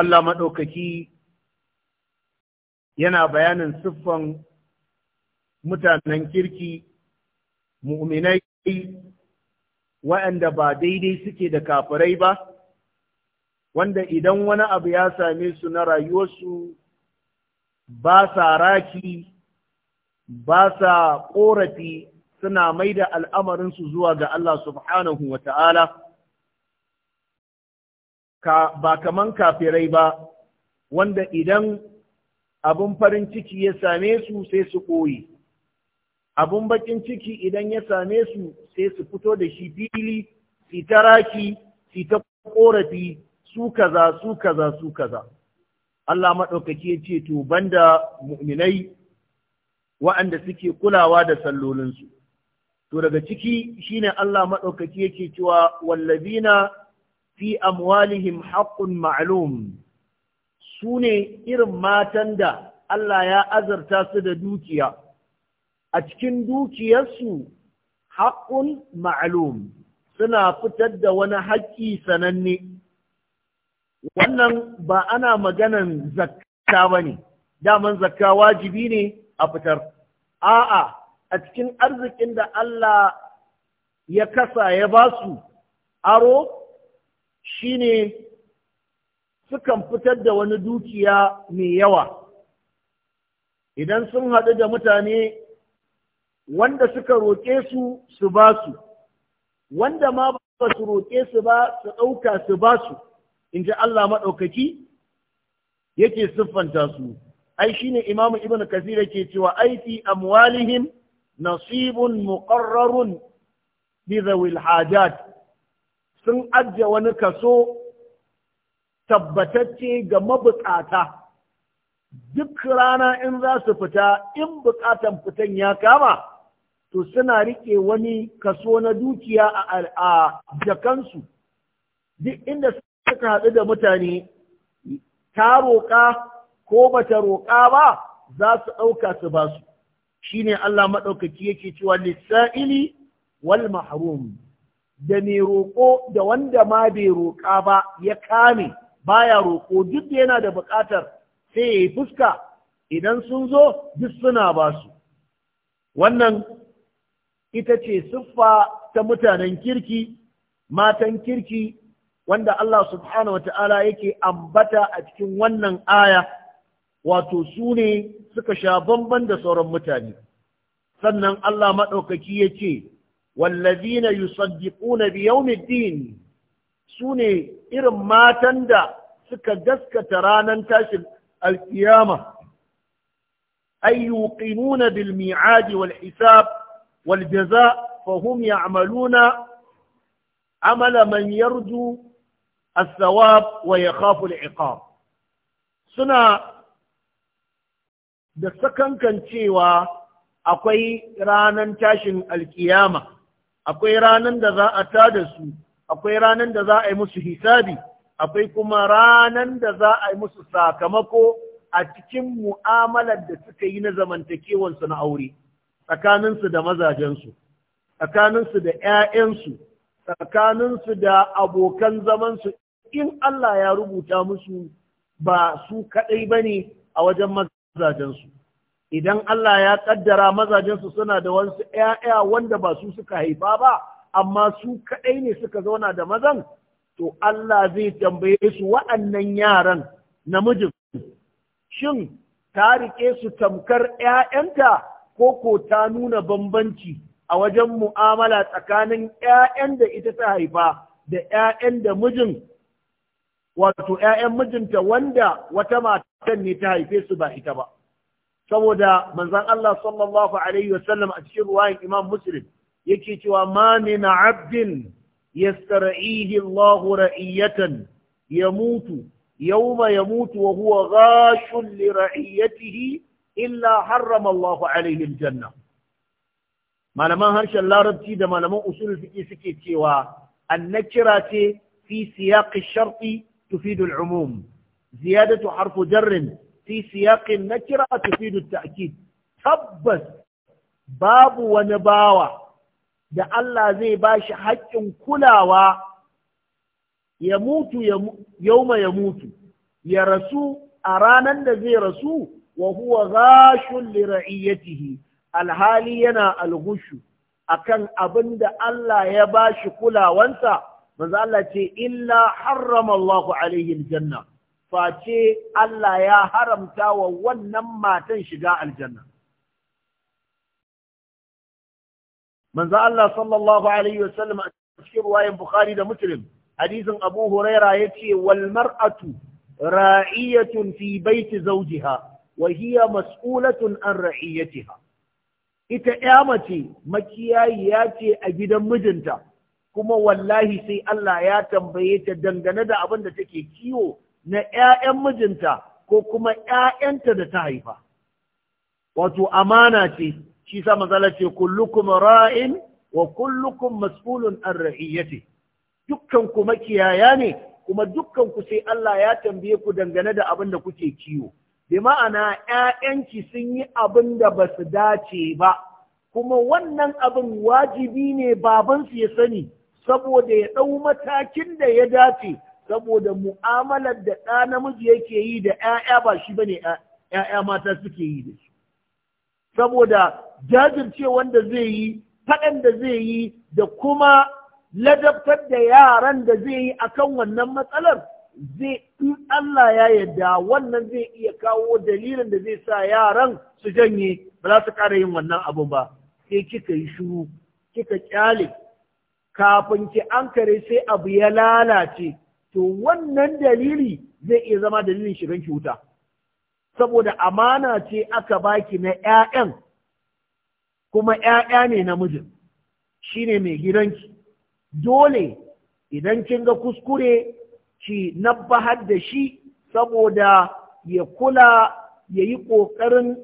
Allah maɗaukaki yana bayanin siffan mutanen kirki mu'minai waɗanda ba daidai suke da kafirai ba wanda idan wani abu ya same su na rayuwarsu ba sa raki ba sa ƙorafi suna mai da al'amarinsu zuwa ga Allah subhanahu wa ta'ala ka ba kaman kafirai ba wanda idan abun farin ciki ya same su sai su koyi abun bakin ciki idan ya same su sai su fito da shi fili su ta su ta korafi su kaza su kaza su kaza Allah maɗaukaki ya ce to banda mu'minai wa'anda suke kulawa da sallolinsu to daga ciki shine Allah maɗaukaki yake cewa wallazina fi amwalihim haqqun Su sune irin matan da Allah ya azarta su da dukiya a cikin dukiyarsu haqqun ma'alum suna fitar da wani haƙƙi sananne wannan ba ana maganan zakka bane daman zakka wajibi ne a fitar a'a a cikin arzikin da Allah ya kasa ya basu aro shine sukan fitar da wani dukiya mai yawa idan sun haɗu da mutane wanda suka roƙe su su ba su wanda ma ba su roƙe su ba su ɗauka su ba su in ji Allah maɗaukaki yake siffanta su ai shine imamu ibn kasir yake cewa fi amwalihim nasibun muqarrarun bi dhawil hajat sun ajiye wani kaso tabbatacce ga mabukata duk rana in za su fita in bukatan fitan ya kama to suna rike wani kaso na dukiya a jakansu duk inda suka haɗu da mutane ta roƙa ko bata roƙa ba za su ɗauka su ba su Shi ne Allah maɗaukaki yake cewa lissa'ili wal mahrum da mai roƙo da wanda ma bai roƙa ba ya kame baya roƙo duk yana da buƙatar sai ya yi fuska idan sun zo duk suna ba su wannan ita ce siffa ta mutanen kirki matan kirki wanda Allah subhanahu wa ta'ala yake ambata a cikin wannan aya wato su ne suka sha bamban da sauran mutane sannan Allah maɗaukaki ya ce والذين يصدقون بيوم الدين سوني إرم ما تندى سكا جسكا ترانا تاشل القيامة أي يوقنون بالميعاد والحساب والجزاء فهم يعملون عمل من يرجو الثواب ويخاف العقاب سنة دسكا sakankan cewa akwai رانا tashin القيامة akwai ranan da za a tada su akwai ranan da za a yi musu hisabi akwai kuma ranan da za a yi musu sakamako a cikin mu'amalar da suka yi na su na aure tsakaninsu da mazajensu tsakaninsu da 'ya'yansu tsakaninsu da abokan zamansu in Allah ya rubuta musu ba su kaɗai ba ne a wajen mazajensu idan Allah ya kaddara mazajensu suna da wasu ‘ya'ya wanda ba su suka haifa ba, amma su kaɗai ne suka zauna da mazan, to Allah zai tambaye su wa'annan yaran namijin. Shin, ta riƙe su tamkar ‘ya'yanta ko ko ta nuna bambanci a wajen mu'amala tsakanin ‘ya'yan da ita ta haifa da ‘ya'yan da mijin, wato ‘ya'yan mijinta wanda wata matan ne ta haife su ba ita ba. saboda manzon Allah sallallahu alaihi wasallam a cikin ruwayan Imam Muslim yake cewa ma min abdin yastar'ihi Allah ra'iyatan mutu yauma ya wa huwa ghashun li ra'iyatihi illa harrama Allah alaihi aljanna malaman harshen larabci da malaman usul fiqi suke cewa annakira ce fi siyaqi sharti tufidu al-umum ziyadatu harfu jarrin fi siyaqin nakira tufidu ta'kid tabbas babu wani bawa da Allah zai bashi haƙƙin kulawa ya mutu yauma ya mutu ya rasu a ranar da zai rasu wa huwa ghashun li alhali yana algushu akan abin da Allah ya bashi kulawansa manzo Allah ce illa harrama Allahu alaihi janna. face Allah ya haramta wa wannan matan shiga aljanna. Manzo Allah sallallahu Alaihi wasallam a cikin ruwayan Bukhari da Muslim, hadisin Abu Huraira ya ce, Wal mar'atu ra'iyatun fi baiti zaujiha, wa hiya mas'ulatun an ra'iyatiha. Ita ‘ya mace makiyayiya ce a gidan mijinta, kuma wallahi sai Allah ya tambaye ta dangane da abin da take kiwo na ‘ya'yan mijinta ko kuma ‘ya'yanta da ta haifa. Wato amana ce, shi sa matsala ce, kullukum ra'in wa kullukum mas'ulun an ce. Dukkan ku makiyaya ne, kuma dukkan ku sai Allah ya tambaye ku dangane da abin da kuke kiwo. Bi ma'ana ‘ya'yanki sun yi abin da ba su dace ba, kuma wannan abin wajibi ne babansu ya sani, saboda ya ɗau matakin da ya dace saboda mu'amalar da ɗa namiji yake yi da ‘ya'ya ba shi ba ne ‘ya'ya mata suke yi da shi saboda jajirce wanda zai yi faɗan da zai yi da kuma ladabtar da yaran da zai yi a kan wannan matsalar zai in Allah ya yarda wannan zai iya kawo dalilin da zai sa yaran su janye ba za su ƙara yin wannan abu ba sai kika yi shiru kika ƙyale. kafin ki ankare sai abu ya lalace to wannan dalili zai iya zama dalilin shigan ki wuta saboda amana ce aka baki na 'ya'yan, kuma ƴaƴa ne namijin shine mai gidanki dole idan kin ga kuskure ki nabbahar da shi saboda ya kula ya yi ƙoƙarin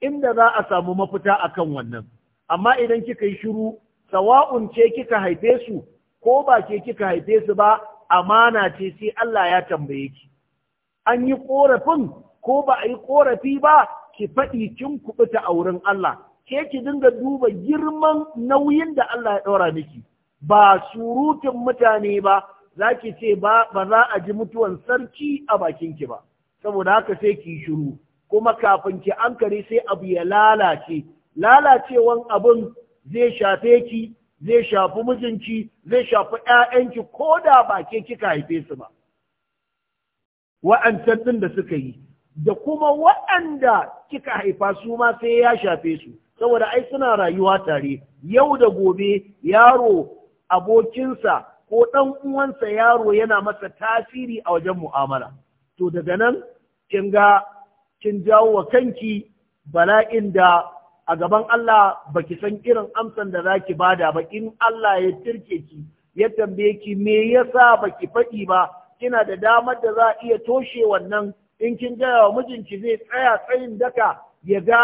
inda za a samu mafita akan wannan. Amma idan kika yi shiru, sawa'un ce kika haife su ko ba ke kika haife su ba, amana ce sai Allah ya tambaye ki an yi korafin ko ba a yi korafi ba ki faɗi kin kubuta a wurin Allah ke ki dinga duba girman nauyin da Allah ya ɗora miki ba surutun mutane ba za ki ce ba za a ji mutuwan sarki a bakin ki ba saboda haka sai ki shiru kuma kafin ki ankare sai abu ya lalace lalacewan abun zai shafe ki zai shafi mijinki zai shafi ƴaƴanki ko da ba ke kika haife su ba wa'ancan din da suka yi da kuma waɗanda kika haifa su ma sai ya shafe su saboda ai suna rayuwa tare yau da gobe yaro abokinsa ko ɗan uwansa yaro yana masa tasiri a wajen mu'amala to daga nan kin ga kin jawo wa kanki bala'in da a gaban Allah ba ki san irin amsan da zaki bada ba in Allah ya tirke ki ya tambaye ki me yasa ba ki faɗi ba kina da damar da za a iya toshe wannan in kin gaya wa mijinki zai tsaya tsayin daka ya ga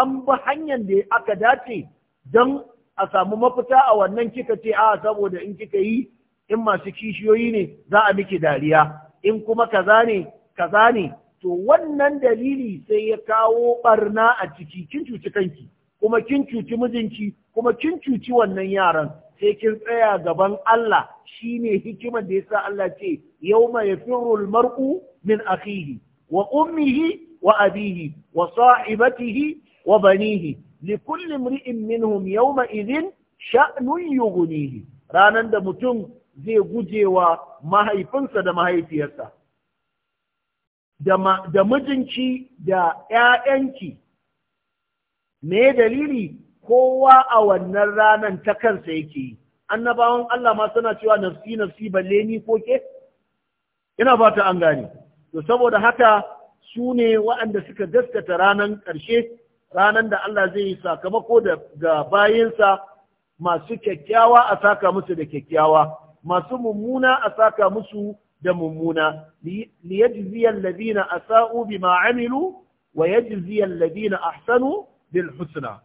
an bi hanyar da aka dace don a samu mafita a wannan kika ce a saboda in kika yi in masu kishiyoyi ne za a miki dariya in kuma kaza ne kaza ne to wannan dalili sai ya kawo barna a ciki kin cuci kanki kuma kin cuci mijinki kuma kin cuci wannan yaran sai kin tsaya gaban Allah shine hikimar da yasa Allah ce yawma yafirru almar'u min akhihi wa ummihi wa abihi wa sahibatihi wa banihi likulli imri'in minhum yawma idhin sha'nun yughnihi ranar da mutum zai gujewa mahaifinsa da mahaifiyarsa da mijinci da ‘ya'yanki, me dalili kowa a wannan ranar ta kansa yake yi, annabawan Allah ma suna cewa nafsi nafsi balle ni ko ke? Ina fata an gani to saboda haka su ne waɗanda suka gaskata ranar ƙarshe, ranar da Allah zai yi sakamako da bayansa masu kyakkyawa a saka musu da kyakkyawa, masu mummuna a saka musu da mummuna liyajziya alladhina asa'u bima amilu wa yajziya alladhina ahsanu bil husna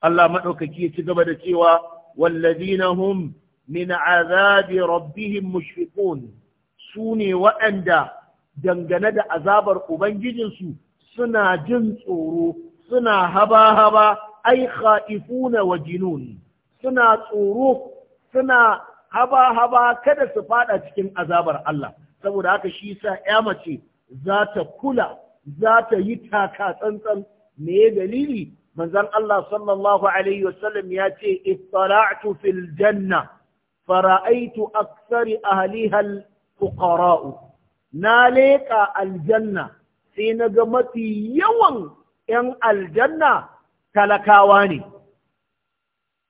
Allah madaukaki ya ci gaba da cewa walladhina hum min azabi rabbihim mushfiqun sune waɗanda dangane da azabar ubangijinsu suna jin tsoro suna haba-haba ai kha'ifuna wa jinun suna tsoro suna haba haba kada su fada cikin azabar Allah saboda haka shi sa ya mace za ta kula za ta yi taka tsantsan me ya dalili manzon Allah sallallahu alaihi wasallam ya ce ittala'tu fil janna fara'aitu aktsari ahliha al fuqara'u na leƙa aljanna sai na ga mafi yawan ‘yan aljanna talakawa ne,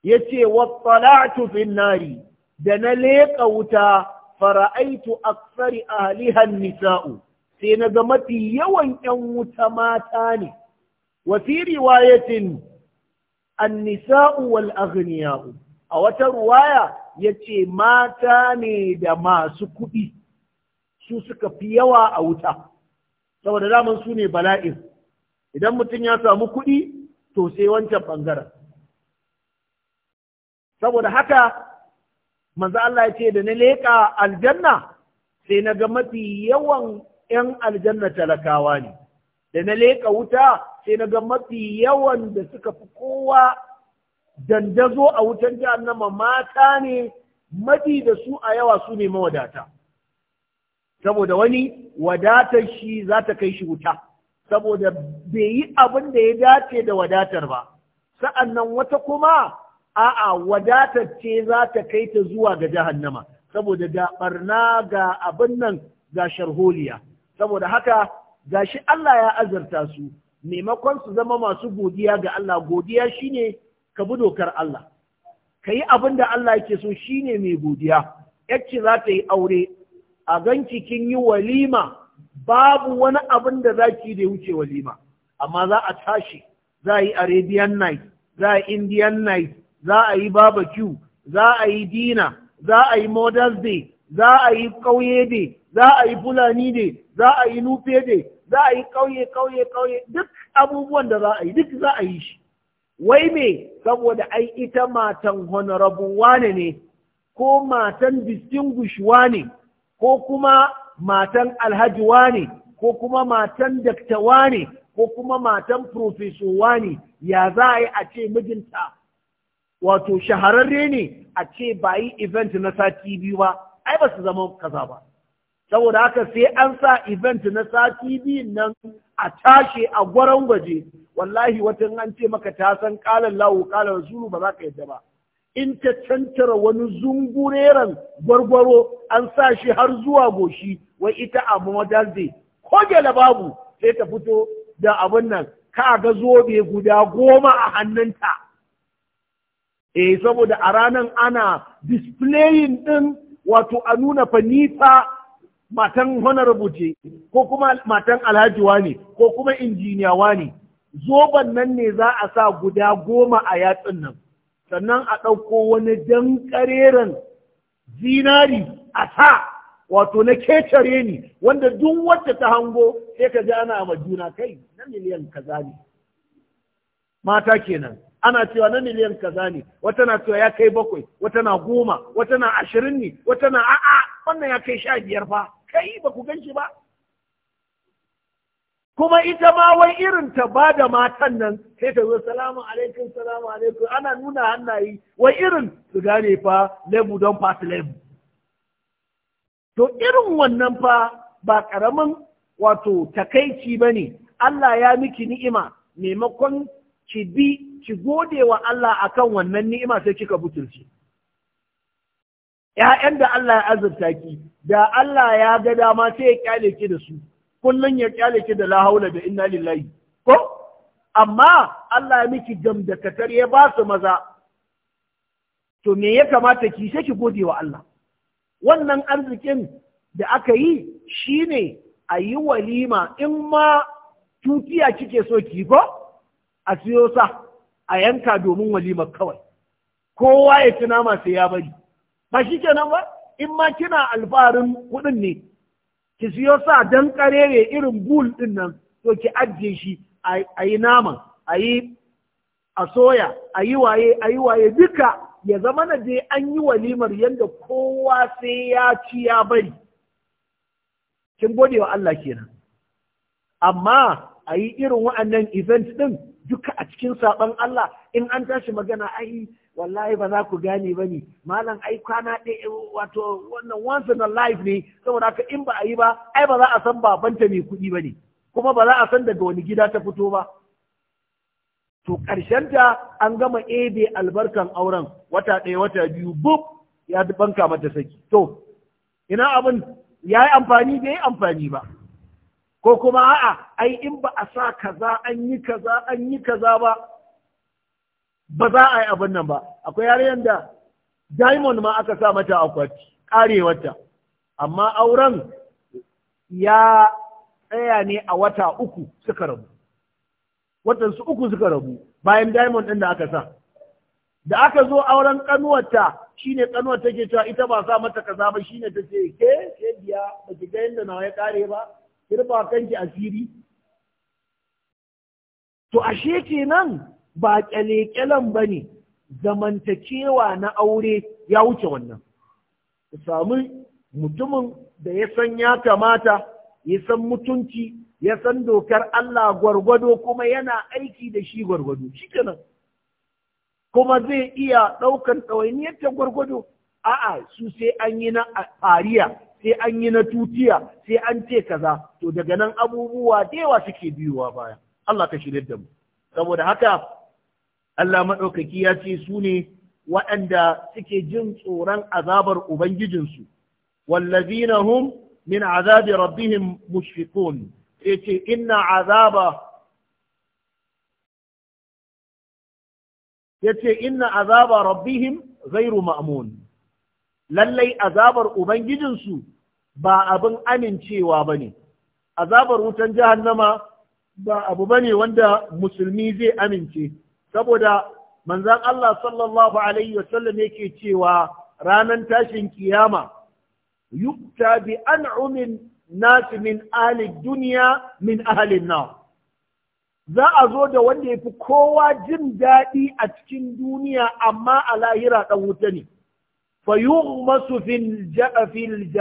ya ce, Wattala'atu fin nari, da na leƙa wuta fara'aitu aksari ahlihan nisa'u sai na ga mafi yawan 'yan wuta mata ne wasi riwayatin annisa'u wal aghniya'u a wata ruwaya ya ce mata ne da masu kuɗi su suka fi yawa a wuta saboda daman su ne bala'in idan mutum ya samu kuɗi to sai wancan ɓangaren saboda haka manzo Allah ya ce da na leƙa aljanna sai na ga mafi yawan 'yan aljanna talakawa ne da na leƙa wuta sai na ga mafi yawan da suka fi kowa dandazo a wutan jahannama mata ne mafi da su a yawa su ne mawadata saboda wani wadatar shi za ta kai shi wuta saboda bai yi abin da ya dace da wadatar ba nan wata kuma a'a wadatar za ta kai ta zuwa ga jahannama saboda ga barna ga abin nan ga sharholiya saboda haka gashi Allah ya azarta su maimakon su zama masu godiya ga Allah godiya shine ka bi dokar Allah ka yi abin da Allah yake so shine mai godiya yacce za ta yi aure a ganki kin yi walima babu wani abin da za ki da wuce walima amma za a tashi za a yi arabian night za a indian night za a yi barbecue za a yi dina za a yi mothers de, za a yi ƙauye de, za a yi fulani de, za a yi nufe de, za a yi ƙauye ƙauye ƙauye duk abubuwan da za a yi duk za a yi shi wai me saboda ai ita matan honorable wane ne ko matan distinguish wane ko kuma matan alhaji wane ko kuma matan dakta wane ko kuma matan profeso wane ya za a yi a ce mijinta wato shahararre ne a ce ba yi event na sati biyu ba ai ba su zama kaza ba saboda haka sai an sa event na sati biyu nan a tashe a gwaron gwaje wallahi watan an ce maka ta san kalan lawo kalan zulu ba za ka yadda ba in ta cantara wani zungureren gwargwaro an sa shi har zuwa goshi wai ita a modern ko babu sai ta fito da abin nan ka ga zobe guda goma a hannunta eh saboda a ranan ana displaying din wato a nuna fanifa matan honorable rubuce, ko kuma matan alhajiwa ne ko kuma injiniyawa ne zoban nan ne za a sa guda goma a yatsun nan sannan a ɗauko wani dan ƙareren zinari a sa wato na kecare ne wanda duk wacce ta hango sai ka ji ana ma juna kai na miliyan kaza ne mata kenan ana cewa na miliyan kaza ne wata na cewa ya kai bakwai wata na goma wata na ashirin ne wata na a'a wannan ya kai sha biyar fa kai ba ku gan shi ba kuma ita ma wai irin ta ba da matan nan sai ta zo salamu alaikum salamu alaikum ana nuna hannaye wai irin su gane fa lebu don fasi lebu to irin wannan fa ba karamin wato takaici ba ne Allah ya miki ni'ima maimakon ki bi ki gode wa Allah a kan wannan ni'ima sai kika butulci ‘Ya'yan da Allah ya azurta ki, da Allah ya ga dama sai ya kyale ki da su, kullum ya kyale ki da lahaula da inna lillahi, ko? Amma Allah ya miki katar ya ba su maza, to me ya kamata ki sai ki gode wa Allah. Wannan arzikin da aka yi shi ne a yi walima in ma tutiya kike so ki ko? A siyo sa, a yanka domin walimar kawai kowa ya ci nama sai ya bari ba shi ke nan ba in ma kina alfaharin kuɗin ne ki siyo sa don karere irin bul din nan to ki ajiye shi a yi naman a yi a soya a yi waye a yi waye duka ya zama na je an yi walimar yadda kowa sai ya ci ya bari kin gode wa Allah kenan amma a yi irin wa'annan event ɗin? duka a cikin saɓon Allah in an tashi magana ai wallahi ba za ku gane ba ne malam ai kwana ɗaya eh, wato wannan once in a life ne saboda haka in ba a yi ba ai ba za a san babanta mai kuɗi ba ne kuma ba za a san daga wani gida ta fito ba to ta an gama ebe albarkan auren wata ɗaya wata biyu bub ya banka mata saki to ina abin ya yi amfani bai yi amfani ba ko kuma a'a ai in ba a sa kaza an yi kaza an yi kaza ba ba za a yi abin nan ba akwai yaren da diamond ma aka sa mata akwati karewarta amma auren ya tsaya ne a wata uku suka rabu watansu uku suka rabu bayan diamond ɗin da aka sa da aka zo auren kanuwarta shine kanuwar take cewa ita ba sa mata kaza ba shine ta ce ke ke biya ba ki ga yadda nawa ya kare ba ki rufa kanki asiri to ashe kenan ba kyale-kyalen ba ne zamantakewa na aure ya wuce wannan ku samu mutumin da ya san ya kamata ya san mutunci ya san dokar Allah gwargwado kuma yana aiki da shi gwargwado shikenan kuma zai iya ɗaukar ɗawainiyar ta gwargwado a'a su sai an yi na fariya sai an yi na tutiya sai an ce kaza to daga nan abubuwa da yawa suke biyuwa baya Allah ka shirye da mu saboda haka Allah maɗaukaki ya ce su ne waɗanda suke jin tsoron azabar ubangijinsu wallazina hum min azabi rabbihim mushfiqun sai ce inna azaba yace inna azaba rabbihim ghairu ma'mun lallai azabar Ubangijinsu ba abin amincewa ba ne, azabar wutan jahannama ba abu ba ne wanda musulmi zai amince, saboda manzan Allah sallallahu Alaihi wasallam yake cewa ranar tashin kiyama, yukta bi an'umin nasu min ahalin duniya min ahalin na. Za a zo da wanda ya fi kowa jin daɗi a cikin duniya amma a lahira ɗan wuta ne. فيغمس في الج... في الج...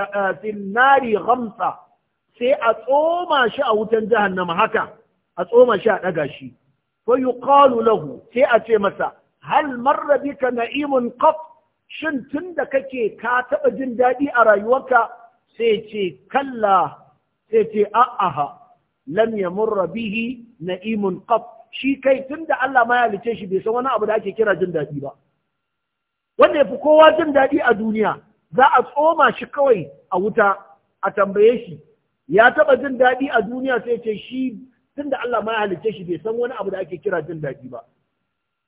sai a tsoma shi a wutan jahannama haka a tsoma shi a ɗaga shi fa lahu sai a ce masa hal marra bika na'imun qat shin tunda kake ka taɓa jin daɗi a rayuwarka sai ce kalla sai ce a'aha lam yamurra bihi na'imun qat shi kai tunda Allah ma ya halice bai san wani abu da ake kira jin daɗi ba wanda ya fi kowa jin daɗi a duniya za a tsoma shi kawai a wuta a tambaye shi ya taɓa jin daɗi a duniya sai ce shi tun da Allah ma halicce shi bai san wani abu da ake kira jin daɗi ba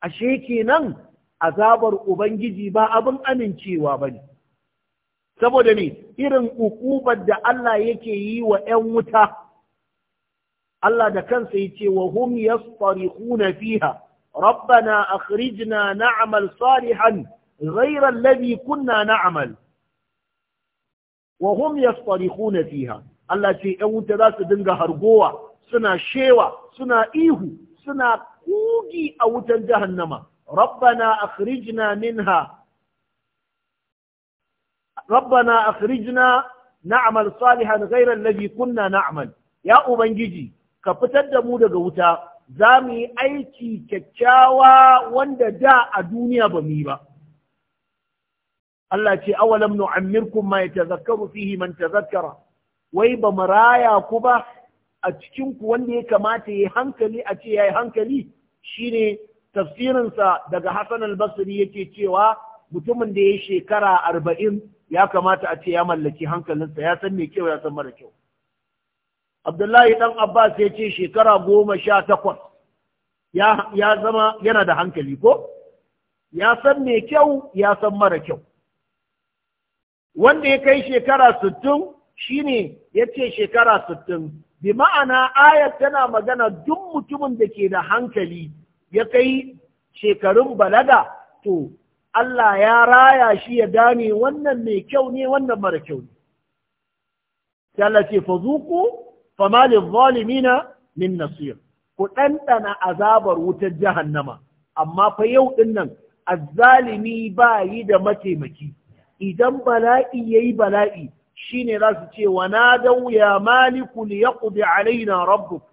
ashe kenan azabar ubangiji ba abin amincewa ba ne saboda ne irin ukubar da Allah yake yi wa 'yan wuta Allah da kansa ya ce wa hum yasfarihuna fiha rabbana akhrijna na'mal salihan غير الذي كنا نعمل وهم يصطرخون فيها Allah ce ‘yan wuta za su dinga hargowa, suna shewa, suna ihu, suna kugi a wutan jahannama. Rabbana akhrijna minha Rabbana akhrijna na'mal salihan ghairal ladhi kunna na'mal. Ya Ubangiji, ka fitar da mu daga wuta, za mu yi aiki kyakkyawa wanda da a duniya ba mu yi ba. Allah ce awalam nu'ammirkum ma yatazakkaru fihi man tazakkara wai ba maraya ku ba a cikin ku wanda ya kamata yi hankali a ce yayi hankali shine tafsirin sa daga Hassan al-Basri yake cewa mutumin da yayi shekara 40 ya kamata a ce ya mallaki hankalinsa ya san me kyau ya san mara kyau Abdullahi dan Abbas ya ce shekara 18 ya ya zama yana da hankali ko ya san me kyau ya san mara kyau wanda ya kai shekara sittin shi ne ya ce shekara sittin bi ma'ana ayar tana magana duk mutumin da ke da hankali ya kai shekarun balaga to Allah ya raya shi ya gane wannan mai kyau ne wannan mara kyau ne. Talace ce fa fa malin zalimina min nasir. Ku ɗanɗana azabar wutar jahannama, amma fa yau ɗin nan azzalimi ba yi da mataimaki. idan bala'i yayi bala'i shine za su ce wa nadaw ya maliku li yaqdi alaina rabbuk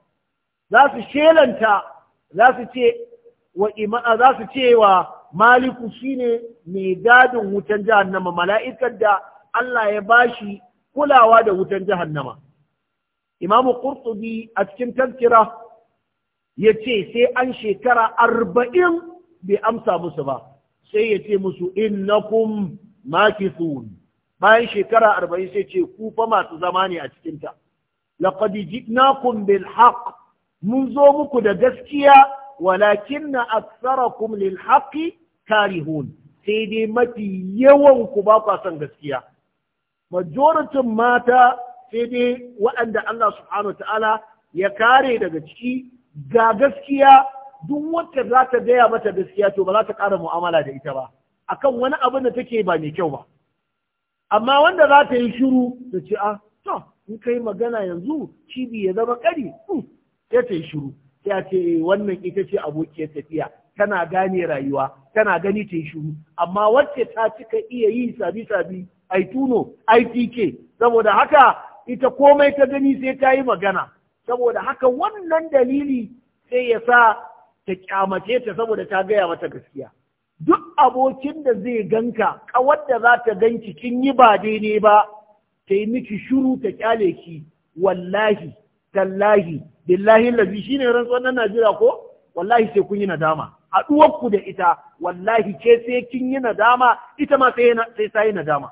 za su shelanta za su ce wa za su ce maliku shine mai gadin wutan jahannama mala'ikar da Allah ya bashi kulawa da wutan jahannama Imam Qurtubi a cikin tazkira ya ce sai an shekara arba'in bai amsa musu ba sai ya ce musu innakum makithun bayan shekara arba'in sai ce ku fa masu zama ne a cikinta laqad jitnakum bil haqq mun zo muku da gaskiya walakinna aktharakum lil haqqi karihun sai dai mafi yawan ku ba kwa son gaskiya majoritin mata sai dai waɗanda Allah subhanahu ta'ala ya kare daga ciki ga gaskiya duk wacce za ta gaya mata gaskiya to ba za ta ƙara mu'amala da ita ba akan wani abin da take ba mai kyau ba amma wanda za ta yi shiru ta ce a ah, to in kai magana yanzu cibi ya zama kari hmm, sai ta yi shiru sai ce eh, wannan ita ce abokiyar tafiya tana gane rayuwa tana gani ta yi shiru amma wacce ta cika iya yi sabi sabi ai tuno itk saboda haka ita komai ta gani sai ta yi magana saboda haka wannan dalili sai ya sa ta kyamace ta saboda ta gaya mata gaskiya abokin da zai ganka kawar da za ta ganki kin yi ba daidai ba ta yi miki shuru ta kyale ki wallahi tallahi billahi lazi shine rantsuwar na Najeriya ko wallahi sai kun yi nadama haɗuwarku da ita wallahi ke sai kin yi nadama ita ma sai ta yi nadama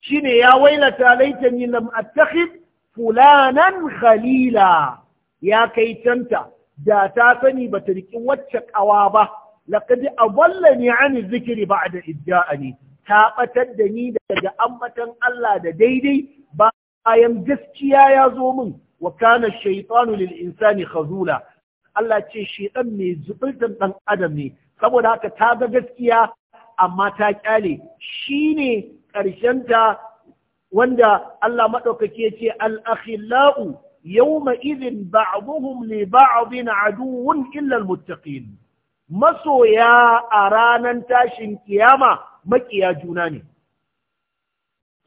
shine ya wailata yi lam attakhid fulanan khalila ya kai tanta da ta sani ba ta riƙi wacce ƙawa ba laqad adallani zikiri ba da idda'ani ta batar da ni daga ammatan Allah da daidai bayan gaskiya ya zo min wa kana shaytanu lil insani khazula Allah ce shaytan mai zubultan ɗan adam ne saboda haka ta ga gaskiya amma ta kyale shine ta wanda Allah madaukaki ya ce al-akhillau yawma idhin ba'dhum li ba'dhin aduwwun illa al-muttaqin masoya a ranan tashin kiyama makiya juna ne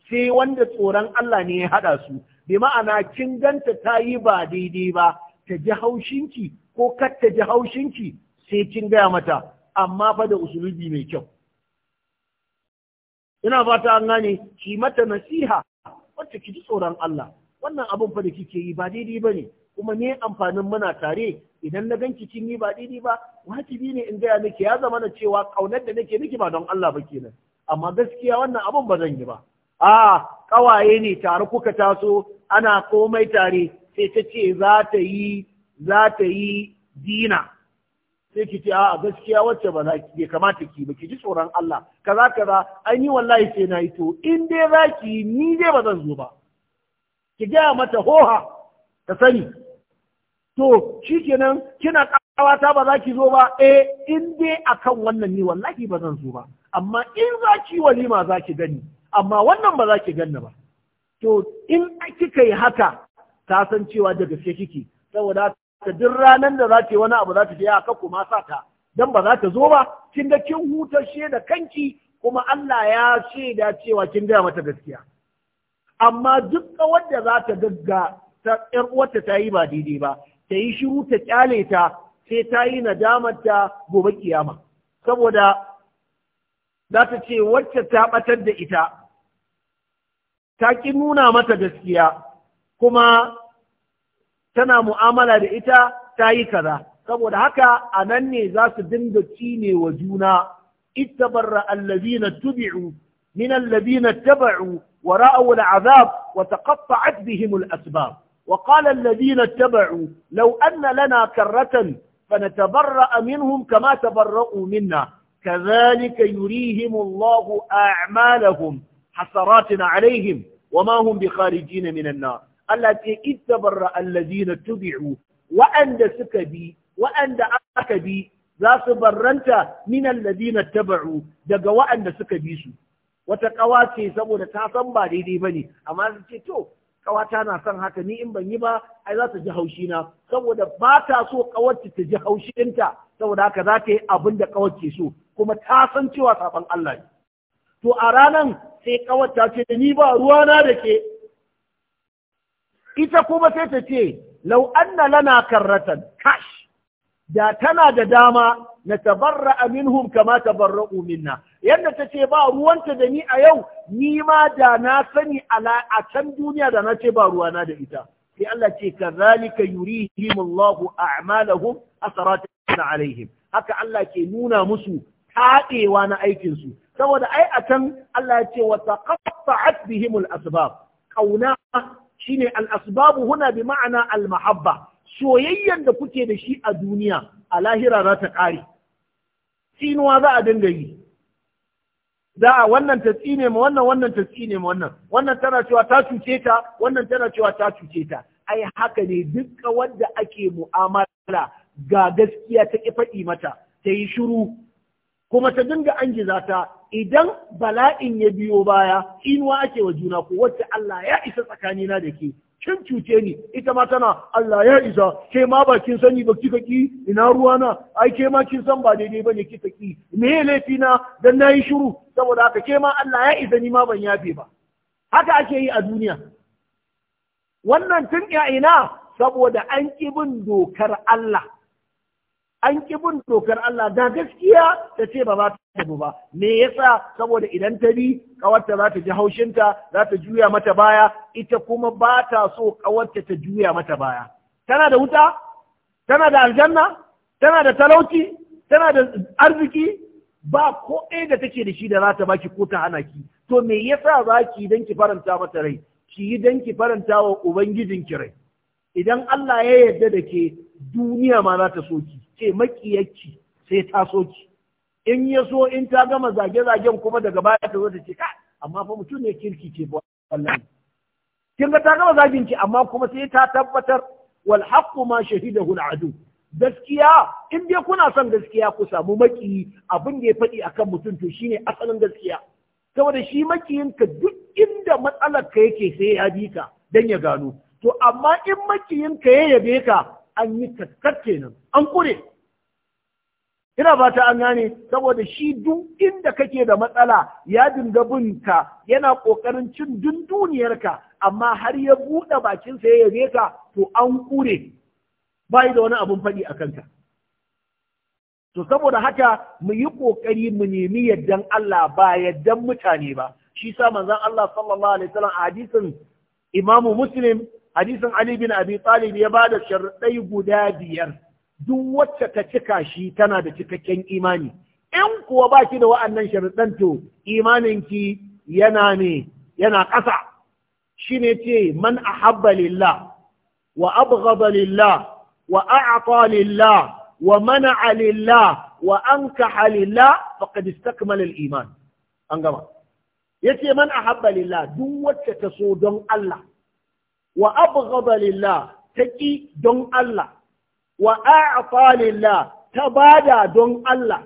sai wanda tsoron Allah ne ya haɗa su bi ma'ana kin ganta ta yi ba daidai ba ta ji haushinki ko kar ta ji haushinki sai kin gaya mata amma fa da usulubi mai kyau ina fata an gane ki mata nasiha wacce ki ji tsoron Allah wannan abin fa da kike yi ba daidai ba ne kuma ne amfanin muna tare idan na ganki kin yi ba didi ba wajibi ne in gaya miki ya zama na cewa kaunar da nake miki ba don Allah ba kenan amma gaskiya wannan abun ba zan yi ba a kawaye ne tare kuka taso ana komai tare sai ta ce za ta yi za ta yi dina sai ki ce a gaskiya wacce ba bai kamata ki ba ki ji tsoron Allah kaza kaza an yi wallahi sai na yi to in dai za ki ni dai ba zan zo ba ki gaya mata hoha ka sani to shi kenan kina ta ba za ki zo ba eh in dai akan wannan ne wallahi ba zan zo ba amma in za ki walima za ki gani amma wannan ba za ki ganna ba to in kika yi haka ta san cewa da gaske kike saboda ta duk ranar da za ta wani abu za ta je aka kuma sa ta dan ba za ta zo ba kin da kin hutar hutashe da kanki kuma Allah ya shaida cewa kin ga mata gaskiya amma duk kawar da za ta gagga ta ƴar uwarta ta yi ba daidai ba ta yi shiru ta kyale ta sai ta yi nadamar ta gobe kiyama saboda za ta ce wacce ta batar da ita ta ki nuna mata gaskiya kuma tana mu'amala da ita ta yi kaza saboda haka a nan ne za su dinga cine wa juna ittabarra allazina tubi'u min allazina taba'u wa ra'aw al'azab wa taqatta'at bihim al'asbab وقال الذين اتبعوا لو أن لنا كرة فنتبرأ منهم كما تبرؤوا منا كذلك يريهم الله أعمالهم حسرات عليهم وما هم بخارجين من النار التي اتبرأ الذين اتبعوا وأند سكبي وأند أكبي ذا سبرنت من الذين اتبعوا دقوا أند سكبيسوا wata kawa ce saboda ta san ba daidai ba ne amma su ce to kawata na son haka ni in ban yi ba ai za ta ji haushi na saboda ba ta so kawarta ta ji haushi haushinta saboda haka za ta yi abin da ke so kuma ta san cewa saban Allah ne to a ranan sai kawarta ce ni ba ruwa na da ke ita kuma sai ta ce lau anna lana karratan kash da tana da dama na tabarra'a minhum kama tabarra'u minna yadda ta ce ba ruwanta da ni a yau ni ma da na sani a can duniya da na ce ba ruwana da ita sai Allah ce kazalika yurihim Allahu a'malahum asaratan alaihim haka Allah ke nuna musu taɗewa na aikin su saboda ai a can Allah ya ce wa taqatta'at bihim al-asbab kauna shine al-asbab huna bi ma'ana al-mahabba soyayyan da kuke da shi a duniya a lahira za ta ƙare sinuwa za a dinga yi za a wannan ta tsine ma wannan wannan ta tsine ma wannan wannan tana cewa ta cuce ta wannan tana cewa ta cuce ta ai haka ne dukkan wanda ake mu'amala ga gaskiya ta ki faɗi mata ta yi shiru kuma ta dinga an ta idan bala'in ya biyo baya inuwa ake wa juna ko wacce Allah ya isa tsakanina da ke kin cuce ni ita ma tana Allah ya isa ke ma ba kin sani ba kika ki ina ruwa na? ai ke ma kin san ba daidai bane kika ki me ne laifi na dan nayi shiru saboda haka ke ma Allah ya isa ni ma ban yafe ba haka ake yi a duniya wannan tun ya ina saboda an ki bin dokar Allah an ki bin dokar Allah da gaskiya ta ce ba za ta tabu ba me yasa saboda idan ta bi kawarta za ta ji haushinta za ta juya mata baya ita kuma ba ta so kawarta ta juya mata baya tana da wuta tana da aljanna tana da talauci tana da arziki ba ko ɗaya da take da shi da za ta baki ko ta hana ki to me yasa za ki dan ki faranta mata rai ki yi dan ki faranta wa ubangijin ki rai idan Allah ya yarda da ke duniya ma za ta so ki ce makiyarki sai ta so ki in ya so in ta gama zage-zagen kuma daga baya ta zo ta ce ka amma fa mutum ne kirki ce wallahi kin ga ta gama zagin ki amma kuma sai ta tabbatar wal haqqu ma shahidahu al adu gaskiya in dai kuna son gaskiya ku samu maki abin da ya faɗi akan mutum to shine asalin gaskiya saboda shi ka duk inda matsalar ka yake sai ya bi ka dan ya gano to amma in makiyinka ya yabe ka an yi tattar kenan an kure ina fata an gane saboda shi duk inda kake da matsala ya dinga binka yana ƙoƙarin cin dun duniyarka amma har ya buɗe bakinsa ya yabe ka to an kure bai da wani abun faɗi a kanka to saboda haka mu yi ƙoƙari mu nemi yaddan Allah ba yaddan mutane ba shi sa manzon Allah sallallahu alaihi wasallam a hadisin Imam Muslim hadisin Ali bin Abi Talib ya ba da sharuɗai guda biyar duk wacce ta cika shi tana da cikakken imani in kuwa ba ki da wa'annan sharuɗan to imaninki yana ne yana ƙasa shi ne ce man ahabba lillah wa abghada lillah wa a'ata lillah wa mana'a lillah wa lillah iman an gama yace man ahabba lillah duk wacce ta so don Allah wa abghada lillah ta ƙi don Allah wa a'afa lillah ta bada don Allah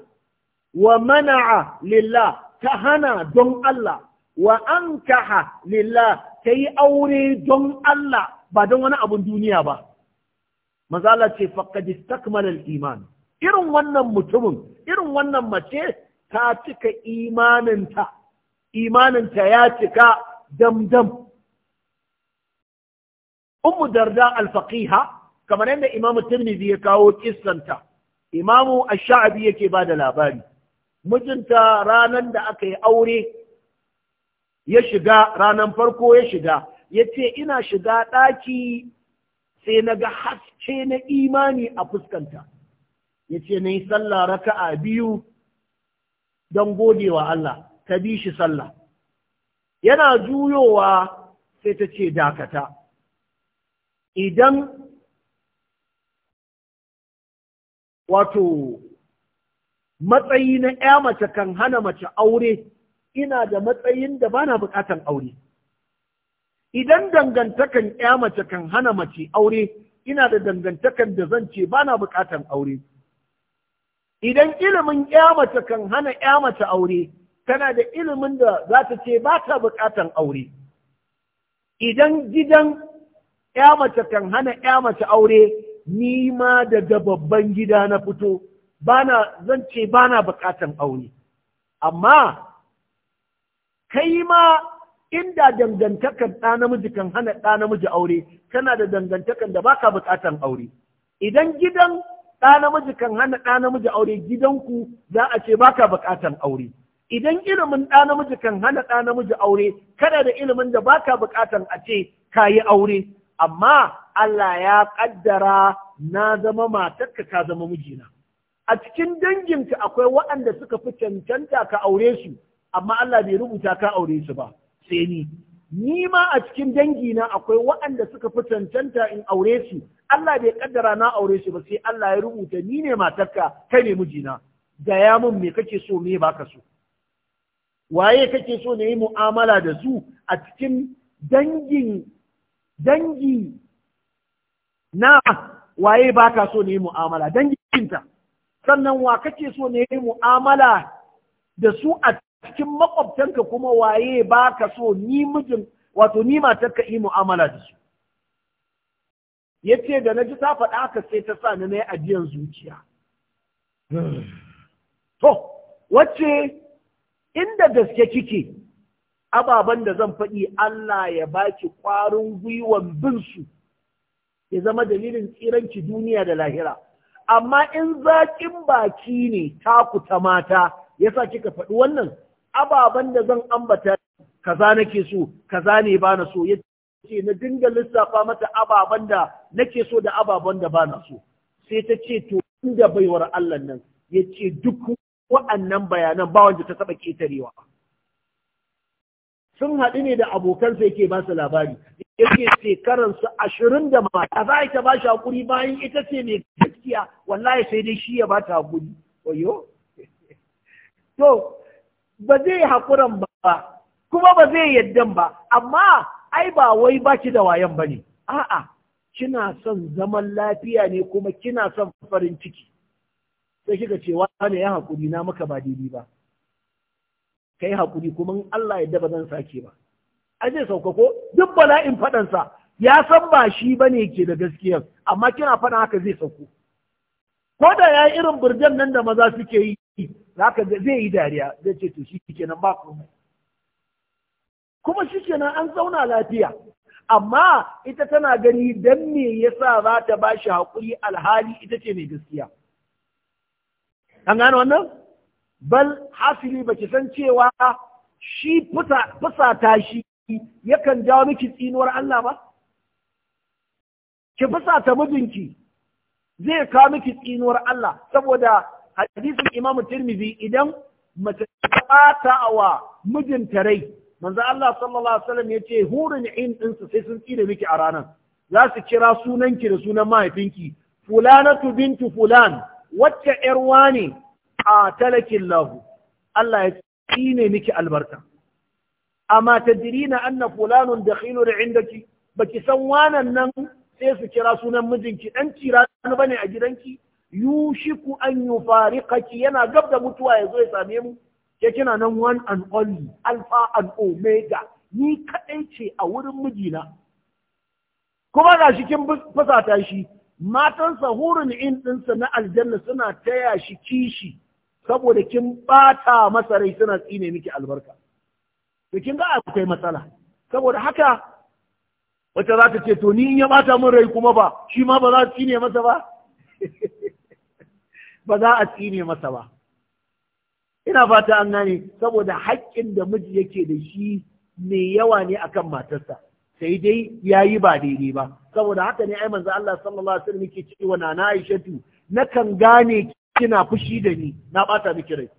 wa mana'a lillah ta hana don Allah wa ankaha lillah ta yi aure don Allah ba don wani abun duniya ba mazala ce faqad iman irin wannan mutumin irin wannan mace ta cika imaninta imaninta ya cika damdam ummu darda al kamar yadda imam tirmidhi ya kawo kissanta Imamu ash-sha'bi yake ba da labari mijinta ranan da aka yi aure ya shiga ranan farko ya shiga ya ce ina shiga ɗaki sai na ga haske na imani a fuskanta ya ce na yi sallah raka'a biyu don gode wa Allah ta bi shi sallah yana juyowa sai ta ce dakata idan wato matsayi na ‘ya mace kan hana mace aure, ina da matsayin da bana bukatan aure. Idan dangantakan ‘ya mace kan hana mace aure, ina da dangantakan da zan ce bana bukatan aure. Idan ilimin ‘ya mace kan hana ‘ya mace aure, tana da ilimin da za ta ce ba ta bukatan aure. Idan gidan ya mace kan hana ya mace aure ni ma daga babban gida na fito bana zan ce bana bukatan aure amma kai ma inda dangantakan ɗa namiji kan hana ɗa namiji aure kana da dangantakan da baka bukatan aure idan gidan ɗa namiji kan hana ɗa namiji aure gidanku za a ce baka bukatan aure idan ilimin ɗa namiji kan hana ɗa namiji aure kana da ilimin da baka bukatan a ce ka yi aure amma Allah ya ƙaddara na zama matarka ka zama mijina. A cikin danginka akwai waɗanda suka fi cancanta ka aure su, amma Allah bai rubuta ka aure su ba, sai ni. Ni ma a cikin dangina akwai waɗanda suka fi cancanta in aure su, Allah bai ƙaddara na aure su ba sai Allah ya rubuta ni ne matarka kai ne mijina. Gaya min me kake so me baka so. Waye kake so na yi mu'amala da su a cikin dangin dangi na waye baka so ne mu'amala danginta sannan wa kake so ne mu'amala da su a cikin makwabtanka kuma waye baka so ni mijin wato ni matarka yi mu'amala da su yace da naji ta faɗa ka sai ta sa ni na yi ajiyar zuciya to wacce inda gaske kike ababen da zan faɗi Allah ya baki ƙwarin gwiwan bin su ya zama dalilin tsiranci duniya da lahira amma in zaƙin baki ne taku ta mata ya sa kika faɗi wannan ababen da zan ambata kaza nake so kaza ne ba na so ce na dinga lissafa mata ababen da nake so da ababen da ba na so sai ta ce to inda baiwar Allah nan ya ce duk wa'annan bayanan ba wanda ta taɓa ketarewa sun haɗu ne da abokansa yake ba su labari yake shekaran su ashirin da mata za a ta ba shi hakuri bayan ita ce mai gaskiya wallahi sai dai shi ya ba ta hakuri oyo to ba zai hakuran ba kuma ba zai yaddan ba amma ai ba wai ba ki da wayan ba ne a'a kina son zaman lafiya ne kuma kina son farin ciki sai kika ce wani ya hakuri na maka ba daidai ba ka yi haƙuri kuma Allah ya daba zan sake ba a zai sauka ko duk bala'in faɗansa ya san ba shi ba ne ke da gaskiya, amma kina faɗa haka zai sauko ko da ya yi irin burjan nan da maza suke yi zaka zai yi dariya zai ce to shi ke nan ba komai kuma shi ke nan an zauna lafiya amma ita tana gani don me yasa za ta ba shi haƙuri alhali ita ce mai gaskiya. An gano wannan? bal hasili ki san cewa shi fusata shi yakan jawo miki tsinuwar Allah ba? Ki fusata mijinki zai kawo miki tsinuwar Allah saboda hadisin Imam Tirmidhi idan mace ta wa mijinta rai manzo Allah sallallahu alaihi wasallam yace hurin in din sai sun tsine miki a ranar za su kira sunanki da sunan mahaifinki fulanatu bintu fulan wacce yar ne? talakin lahu Allah ya tsine miki albarka amma tadrina anna fulanun dakhilun indaki baki san wanan nan sai su kira sunan mijinki dan tira bane a gidanki yushiku an yufariqaki yana gab da mutuwa yazo ya same mu ke kina nan one and only alpha and omega ni kadai ce a wurin mijina kuma ga shi kin fusata shi matansa hurin in ɗinsa na aljanna suna taya shi kishi saboda kin bata masa rai suna tsine miki albarka to kin ga akwai matsala saboda haka wata za ta ce to ni in ya bata min rai kuma ba shi ma ba za a tsine masa ba ba za a tsine masa ba ina fata an gane saboda haƙƙin da miji yake da shi mai yawa ne akan matarsa sai dai yayi ba daidai ba saboda haka ne ai manzo Allah sallallahu alaihi wasallam yake cewa na Aishatu nakan gane kina fushi da ni na bata miki rai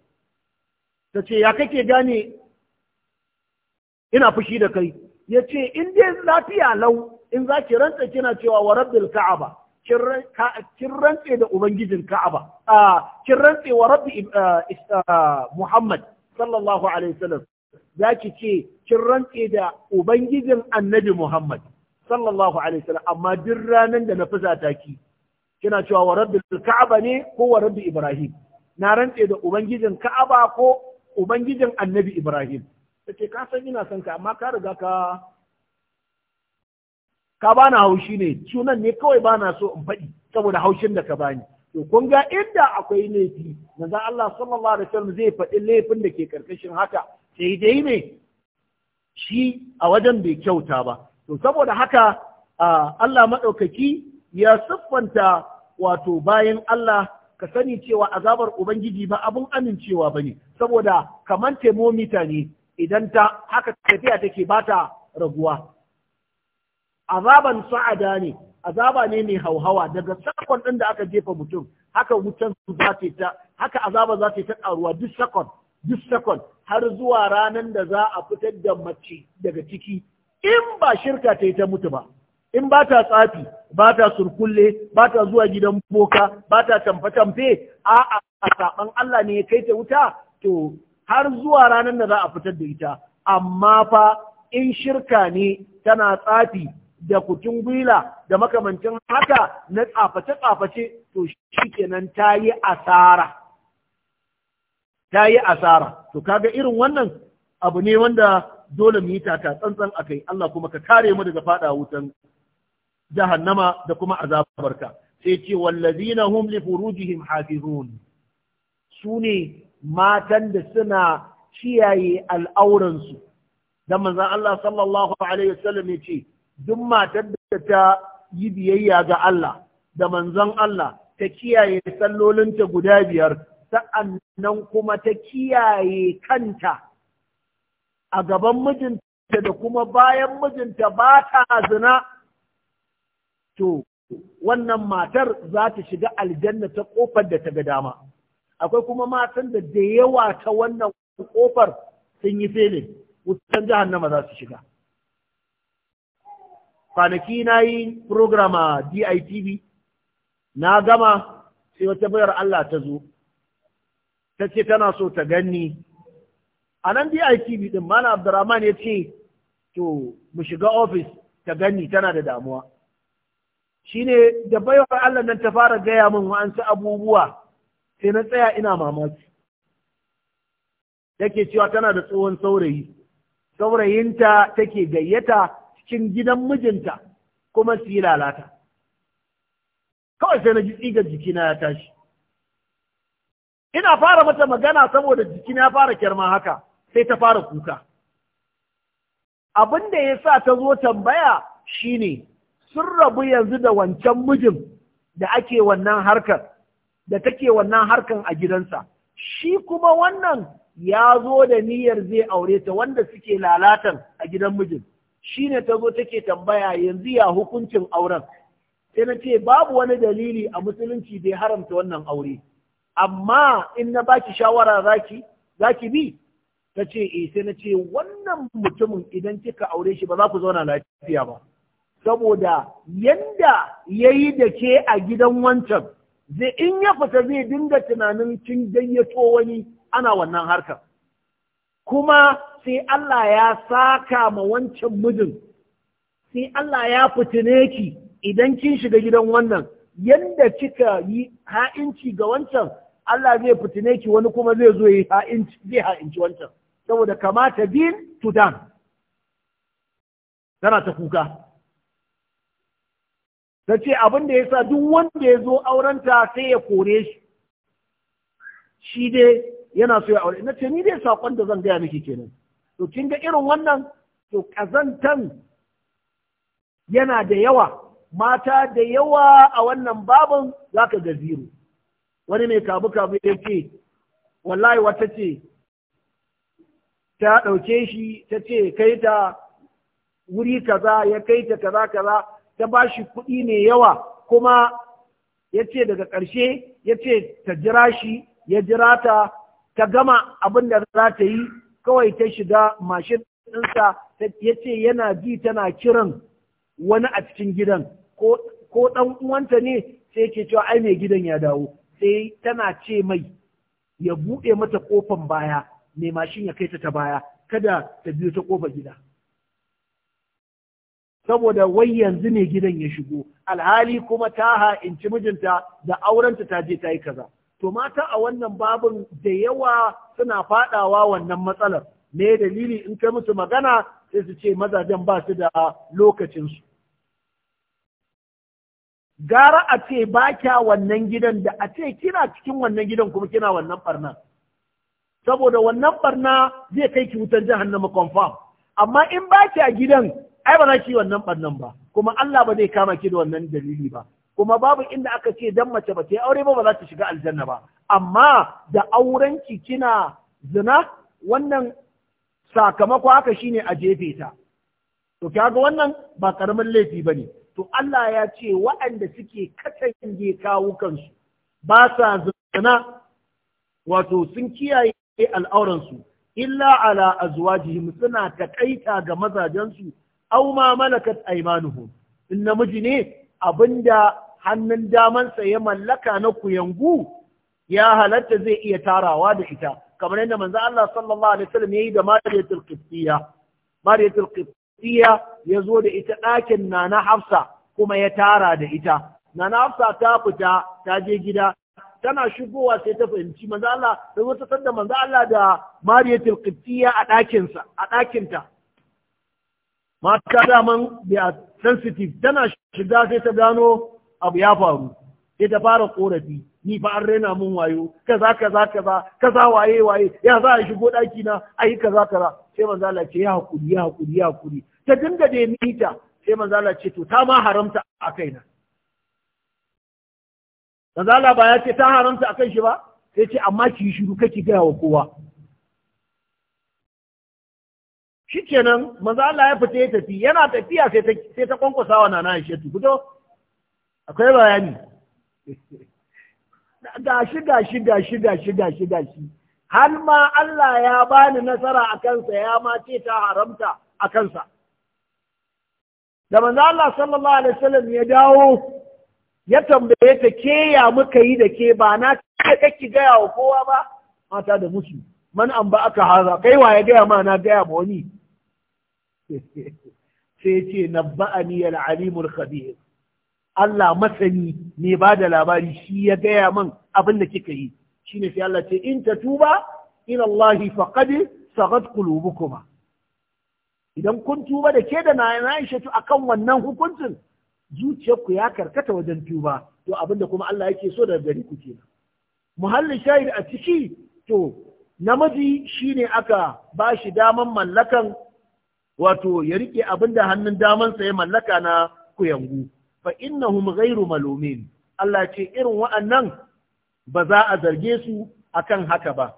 ta ce ya kake gane ina fushi da kai ya ce in dai lafiya lau in za ki rantsa kina cewa wa rabbil ka'aba kin rantse da ubangijin ka'aba kin rantse wa rabbi eh, eh, muhammad sallallahu alaihi wasallam za ki ce kin rantse da ubangijin annabi muhammad sallallahu alaihi wasallam amma duk ranan da na fusata ki kina cewa wa rabbil ka'aba ne ko wa rabbi ibrahim na rantse da ubangijin ka'aba ko ubangijin annabi ibrahim take ka san ina son ka amma ka riga ka ka bana haushi ne sunan ne kawai bana so in faɗi saboda haushin da ka bani to kun ga inda akwai laifi manzo Allah sallallahu alaihi wasallam zai faɗi laifin da ke karkashin haka sai dai ne shi a wajen bai kyauta ba to saboda haka Allah maɗaukaki ya siffanta wato bayan Allah ka sani cewa azabar Ubangiji ba abun amincewa ba ne, saboda kamar temomita ne idan ta haka tafiya take ba ta raguwa. Azaban sa'ada ne, azaba ne mai hauhawa daga sakon ɗin da aka jefa mutum, haka wutan za ta haka azaba za ta ta ƙaruwa duk sakon, duk sakon har zuwa ranar da za a fitar da mace daga ciki in ba shirka ta yi ta mutu ba. in ba ta tsafi ba ta surkulle ba ta zuwa gidan boka ba ta tamfe-tamfe a a saban Allah ne ya kai ta wuta to har zuwa ranar da za a fitar da ita amma fa in shirka ne tana tsafi da kutun gwila da makamancin haka na tsaface-tsaface to shi kenan ta yi asara ta yi asara to kaga irin wannan abu ne wanda dole mu yi taka tsantsan akai Allah kuma ka kare mu daga fada wutan jahannama da kuma azabarka sai ce wallazina hum li furujihim hafizun sune matan da suna kiyaye al'auransu dan manzon Allah sallallahu alaihi wasallam ya ce duk matar da ta yi biyayya ga Allah da manzon Allah ta kiyaye sallolinta guda biyar sa'annan kuma ta kiyaye kanta a gaban mijinta da kuma bayan mijinta ba ta zina to wannan matar za ta shiga aljanna ta kofar da ta ga dama akwai kuma matan da da yawa ta wannan kofar sun yi fele wutan jahannama za su shiga kwanaki na yi programa DITV na gama sai wata bayar Allah ta zo ta ce tana so ta ganni a nan DITV din mana Abdurrahman ya ce to mu shiga ofis ta ganni tana da damuwa shine da baiwar Allah nan ta fara gaya min wa'ansu abubuwa sai na tsaya ina mamaki take cewa tana da tsohon saurayi saurayinta take gayyata cikin gidan mijinta kuma su yi lalata kawai sai na ji tsigar jikina ya tashi ina fara mata magana saboda jikina ya fara kyarma haka sai ta fara kuka abin da ya sa ta zo tambaya shi ne. sun rabu yanzu da wancan mijin da ake wannan harkar da take wannan harkar a gidansa shi kuma wannan ya zo da niyyar zai aure ta wanda suke lalatan a gidan mijin shi ne ta zo take tambaya yanzu ya hukuncin auren sai na ce babu wani dalili a musulunci bai haramta wannan aure amma in na baki shawara zaki zaki bi ta ce eh sai na ce wannan mutumin idan kika aure shi ba za ku zauna lafiya ba saboda yanda ya yi da ke a gidan wancan zai in ya fita zai dinga tunanin kin gayyato wani ana wannan harkar kuma sai Allah ya saka ma wancan mijin sai Allah ya fitine ki idan kin shiga gidan wannan yanda kika yi ha'inci ga wancan Allah zai fitine ki wani kuma zai zo yi ha'inci zai ha'inci wancan saboda kamata din tudan tana ta kuka ta ce abin da ya sa duk wanda ya zo aurenta sai ya kore shi shi dai yana so ya aure na ce ni dai saƙon da zan gaya miki kenan to kin ga irin wannan to kazantan yana da yawa mata da yawa a wannan babin zaka ka ga zero wani mai kabu-kabu ya ce wallahi wata ce ta ɗauke shi ta ce kai ta wuri kaza ya kai ta kaza kaza ta ba shi kuɗi mai yawa kuma ya ce daga ƙarshe ya ce ta jira shi ya jira ta ta gama abin da za ta yi kawai ta shiga mashin ɗinsa ya ce yana ji tana kiran wani a cikin gidan ko ɗan uwanta ne sai ke cewa ai mai gidan ya dawo sai tana ce mai ya buɗe mata ƙofan baya mai mashin ya kai ta ta baya kada ta biyo ta ƙofa gida. saboda wai yanzu ne gidan ya shigo alhali kuma ta ha'inci mijinta da aurenta ta je ta yi kaza to mata a wannan babin da yawa suna fadawa wannan matsalar me dalili in kai musu magana sai su ce mazajen ba su da lokacinsu gara a ce ba kya wannan gidan da a ce kina cikin wannan gidan kuma kina wannan barna saboda wannan barna zai kai ki wutar jahannama confirm amma in ba kya gidan ai ba za ki wannan barnan ba kuma Allah ba zai kama ki da wannan dalili ba kuma babu inda aka ce dan mace ba ta aure ba ba za ta shiga aljanna ba amma da auren ki kina zina wannan sakamako haka shine a jefe ta to kaga wannan ba karamin laifi bane to Allah ya ce waɗanda suke kawo kansu ba sa zina wato sun kiyaye al'auransu illa ala azwajihim suna takaita ga mazajensu aw ma malakat aymanuhum in namiji ne abinda hannun damansa ya mallaka na kuyangu ya halatta zai iya tarawa da ita kamar yadda manzo Allah sallallahu alaihi wasallam yayi da Mariyatul Qibtiyya Mariyatul Qibtiyya yazo da ita ɗakin Nana Hafsa kuma ya tara da ita Nana Hafsa ta fita ta je gida tana shigowa sai ta fahimci manzo Allah sai wata sanda manzo Allah da Mariyatul Qibtiyya a sa a ɗakinta mata daman da sensitive tana shiga sai ta gano abu ya faru sai ta fara korafi ni fa an rena mun wayo kaza kaza kaza kaza waye waye ya za a shigo daki na ayi kaza kaza sai manzo Allah ce ya hakuri ya hakuri ya hakuri ta dinga da mita sai manzo Allah ce to ta ma haramta a kaina manzo Allah ba ya ce ta haramta a kan shi ba sai ce amma ki shiru kake ga wa kowa shikenan manzo Allah ya fita ya tafi yana tafiya sai ta sai ta kwankwasa wa nana Aisha fito akwai bayani shi shi shi ga shi ga shi ga shi. har ma Allah ya bani nasara a kansa ya ma ce ta haramta a kansa da manzo Allah sallallahu alaihi wasallam ya dawo ya tambaye ta ke ya muka yi da ke ba na kake gaya wa kowa ba mata da musu man an ba aka haza kai wa ya gaya ma na gaya ba wani sai ce na al-alimul khabir Allah masani ne ba da labari shi ya gaya man abin da kika yi Shi ne sai Allah ce in ta tuba, in Allah saƙad kulubu kuma. idan kun tuba da ke da na a kan wannan hukuncin zuciyarku ya karkata wajen tuba to abin da kuma Allah yake so da gari ku kenan muhallin shahid a ciki to namiji shi ne aka ba shi daman mallakan wato ya rike abin da hannun damansa ya mallaka na kuyangu fa innahum ghairu malumin Allah ce irin wa'annan ba za a zarge su akan haka ba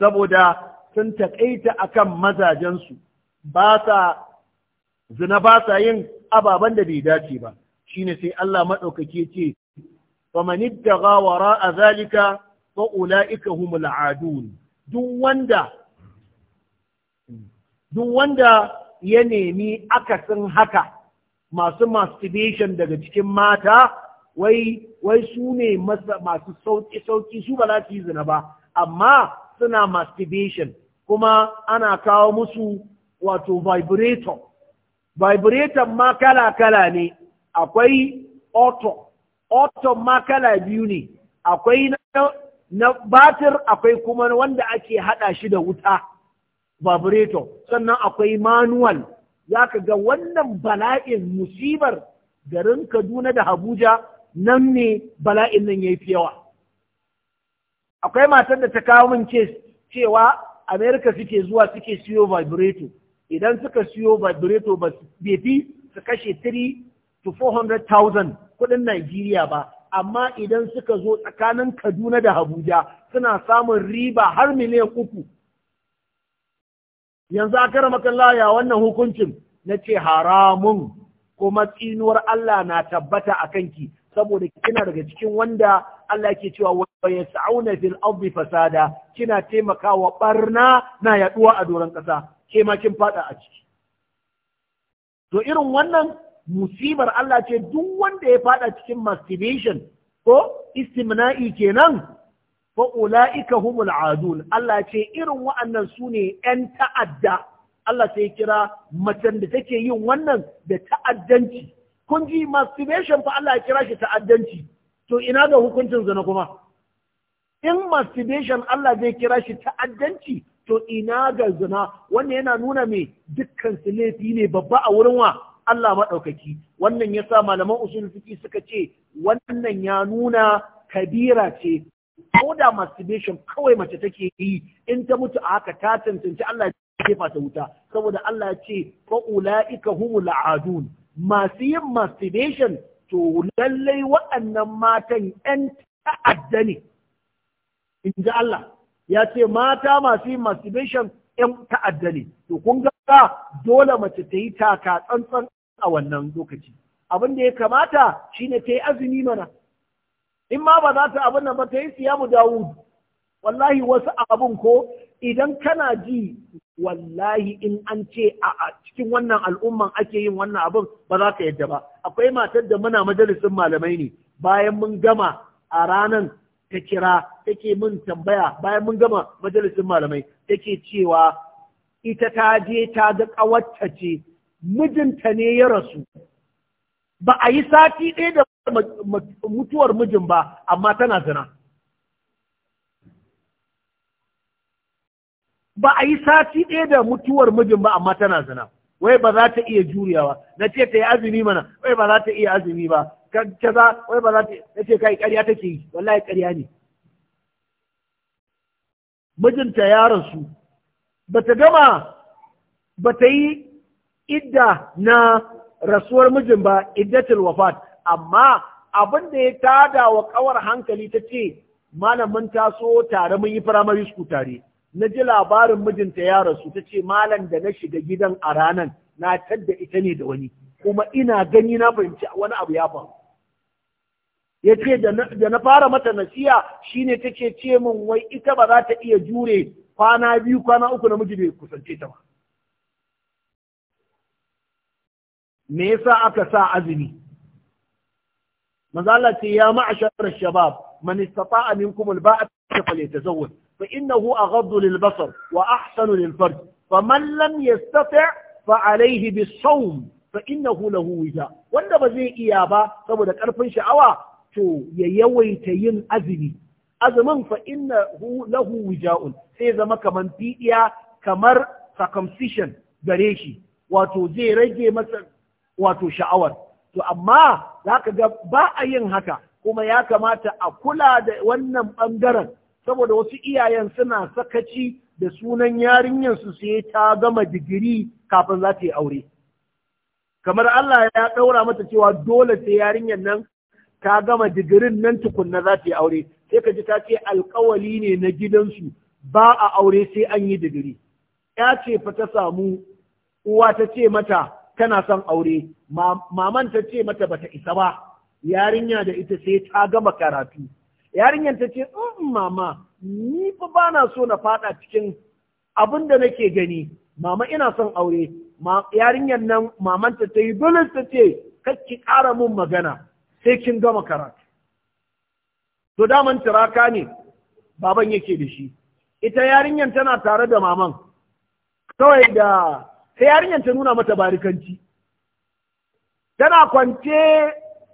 saboda sun taƙaita akan mazajensu ba sa zina ba sa yin ababen da bai dace ba shine sai Allah maɗaukaki ce man iddaga wara a zalika fa ulaika humul adun duk wanda duk wanda ya nemi akasin haka masu masturbation daga cikin mata wai wai su ne masu sauki sauki su ba za su yi zina ba amma suna masturbation kuma ana kawo musu wato vibrator vibrator ma kala kala ne akwai auto auto ma kala biyu ne akwai na, na batir akwai kuma wanda ake hada shi da wuta vibrator sannan akwai manual ya ka ga wannan bala'in musibar garin kaduna da Habuja nan ne bala'in nan ya fi yawa akwai matan da ta kawo min cewa amerika suke zuwa suke siyo vibrator idan suka siyo vibrator ba fi su kashe 3 to 400,000 kudin Najeriya ba amma idan suka zo tsakanin kaduna da Habuja suna samun riba har miliyan uku yanzu aka rama ya wannan hukuncin na ce haramun kuma tsinuwar Allah na tabbata a kanki saboda kina daga cikin wanda Allah ke cewa wa sa'una fil ardi fasada kina taimakawa barna na yaduwa a doron kasa ke ma kin fada a ciki to irin wannan musibar Allah ce duk wanda ya fada cikin masturbation ko istimna'i kenan fa ula'ika humul adun Allah ce irin wa'annan su ne ‘yan ta'adda Allah sai kira macen da take yin wannan da ta'addanci kun ji masturbation fa Allah ya kira shi ta'addanci to ina ga hukuncin zina kuma in masturbation Allah zai kira shi ta'addanci to ina ga zina wannan yana nuna me dukkan su laifi ne babba a wurin wa Allah maɗaukaki wannan ya sa malaman usul suka ce wannan ya nuna kabira ce ko da masturbation kawai mace take yi in ta mutu a haka ta tantance Allah ya jefa ta wuta saboda Allah ya ce fa ulaika humul adun masu yin masturbation to lallai waɗannan matan ‘yan ta'adda ne, in Allah, ya ce mata masu yin masturbation ‘yan ta'adda ne, to kun ga dole mace ta yi taka tsantsan a wannan lokaci. Abin da ya kamata shine ta yi azumi mana, in ma ba za ta abin nan ba ta yi siya mu dawud wallahi wasu abun ko idan kana ji wallahi in an ce a cikin wannan al'umman ake yin wannan abun ba za ka yadda ba akwai matar da muna majalisin malamai ne bayan mun gama a ranan ta kira take mun tambaya bayan mun gama majalisin malamai take cewa ita ta je ta ga ƙawarta ce mijinta ne ya rasu ba a yi sati ɗaya da mutuwar mijin ba amma tana zina ba a yi sati ɗaya da mutuwar mijin ba amma tana zina wai ba za ta iya juriyawa na ce ta yi azumi mana wai ba za ta iya azumi ba za, wai ba za ta na ce kai ƙarya take yi wallahi ƙarya ne mijinta ya rasu ba ta gama ba ta yi idda na rasuwar mijin ba iddatul wafat amma abin da ya tada wa kawar hankali ta ce malamin taso tare mun yi firamare su tare na ji labarin mijinta ya rasu ta ce malam da na shiga gidan a ranan na tadda ita ne da wani kuma ina gani na fahimci wani abu ya faru ya ce da na fara mata nasiya shine ta ce min wai ita ba za ta iya jure kwana biyu kwana uku na bai kusance ta ba me yasa aka sa azumi manzo Allah ce ya ma'ashar shabab man istata'a minkum alba'ata falyatazawwaj fa innahu aghaddu lilbasar wa ahsanu lilfarj faman lam yastati' fa alayhi bisawm fa innahu lahu wija wanda ba zai iya ba saboda karfin sha'awa to ya yawaita yin azumi azumin fa innahu lahu wija'un sai zama kamar fidiya kamar circumcision gare shi wato zai rage masa wato sha'awar to amma za ka ga ba a yin haka kuma ya kamata a kula da wannan ɓangaren saboda wasu iyayen suna sakaci da sunan yarinyarsu sai ta gama digiri kafin za ta yi aure kamar Allah ya ɗaura mata cewa dole sai yarinyar nan ta gama digirin nan tukunna za ta yi aure sai ka ji ta ce alkawali ne na gidansu ba a aure sai an yi digiri ya ce fa ta samu uwa ta ce mata tana son aure maman ta ce mata bata isa ba yarinya da ita sai ta gama karatu yarinyar ta ce um mama ni fa bana so na fada cikin abin da nake gani mama ina son aure yarinyar nan maman ta ta yi dole ta ce ki ƙara mun magana sai kin gama karatu to daman tiraka ne baban yake da shi ita yarinyar tana tare da maman kawai da sai yarinyar ta nuna mata barikanci tana kwance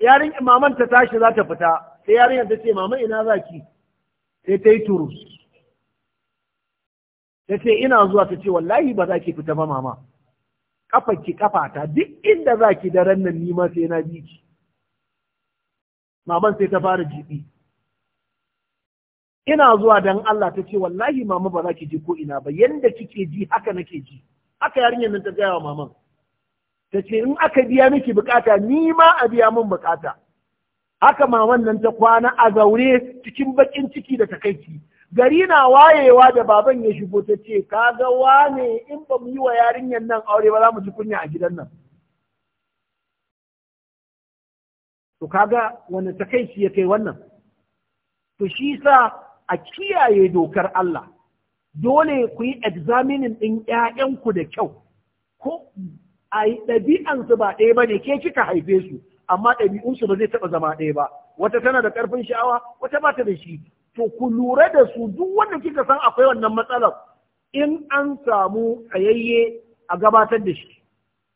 yarin imaman ta tashi za ta fita sai yarinyar ta ce mama ina za ki sai ta yi turus ta ce ina zuwa ta ce wallahi ba za ki fita ba mama kafa ki ta duk inda za ki daren nan nima sai na bi ki maman sai ta fara jibi ina zuwa dan Allah ta ce wallahi mama ba za ki ji ko ina ba yanda kike ji haka nake ji haka yarinyar nan ta gaya wa maman ta ce in aka biya miki bukata ni ma a biya min bukata haka ma wannan ta kwana a zaure cikin bakin ciki da takaici gari na wayewa da baban ya shigo ta ce ka ga wane in ba mu yi wa yarinyar nan aure ba za mu ci kunya a gidan nan to kaga wani takaici ya kai wannan to shi sa a kiyaye dokar Allah dole ku yi examining ɗin ƴaƴanku da kyau ko a ɗabi'ansu ba ɗaya ba ne ke kika haife su amma ɗabi'unsu ba zai taɓa zama ɗaya ba wata tana da ƙarfin sha'awa wata ba ta da shi to ku lura da su duk wanda kika san akwai wannan matsalar in an samu tsayayye a gabatar da shi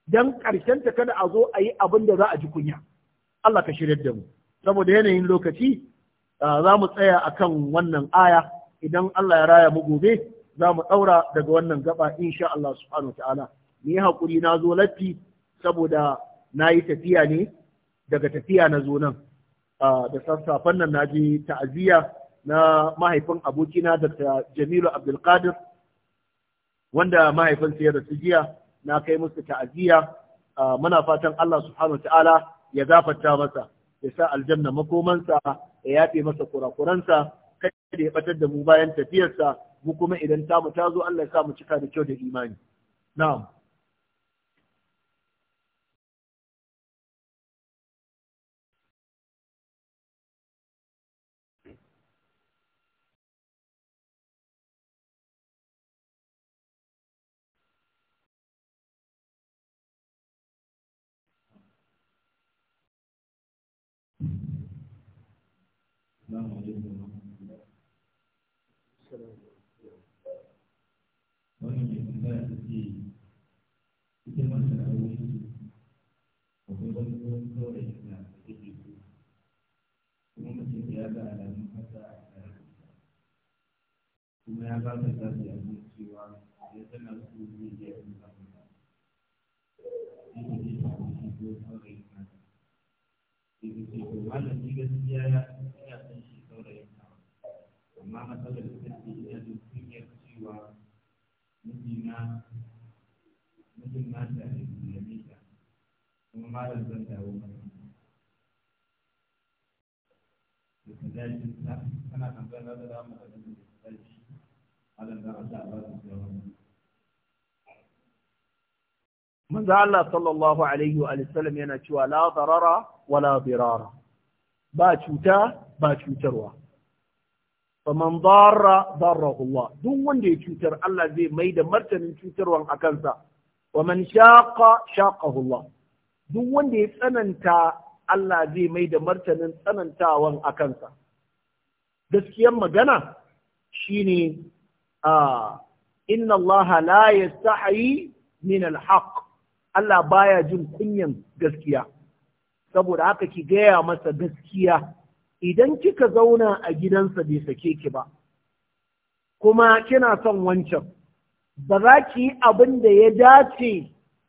don ƙarshen ta kada a zo a yi abin da za a ji kunya Allah ka shirya da mu saboda yanayin lokaci ah, za mu tsaya a kan wannan aya idan Allah ya raya mu gobe za mu ɗaura daga wannan gaba insha Allah subhanahu ni haƙuri na zo latti saboda na yi tafiya ne daga tafiya na zo nan da sassafen nan na je ta'aziyya na mahaifin abokina da Jamilu Abdulkadir wanda mahaifinsa ya rasu jiya na kai musu ta'aziyya muna fatan Allah subhanahu ta'ala ya gafarta masa ya sa aljanna makomansa ya yafe masa kurakuransa kada ya batar da mu bayan tafiyarsa mu kuma idan tamu ta zo Allah ya sa mu cika da kyau da imani na'am السلام عليكم ورحمة الله wannan mai tambaya ta ce ita mace a wurin akwai wani tsohon saurayi na da kuma mace ta yaga alamun haka a kuma ya ba ta ta da cewa ya tana so zai معنى قدر في يد سوى مثل ما مثل ما تأتي من يديك ثم ماذا الذنب أو من ذا الله صلى الله عليه وآله وسلم ينا لا ضرر ولا ضرار با چوتا با چوتروا faman darra darrahu Allah duk wanda ya cutar Allah zai mai da martanin cutarwan a kansa wa man shaqa duk wanda ya tsananta Allah zai mai da martanin tsanantawan a kansa gaskiyar magana shine a inna Allah la yastahi min alhaq Allah baya jin kunyan gaskiya saboda haka ki gaya masa gaskiya idan kika zauna a gidansa bai sake ki ba kuma kina son wancan ba za ki yi abin da ya dace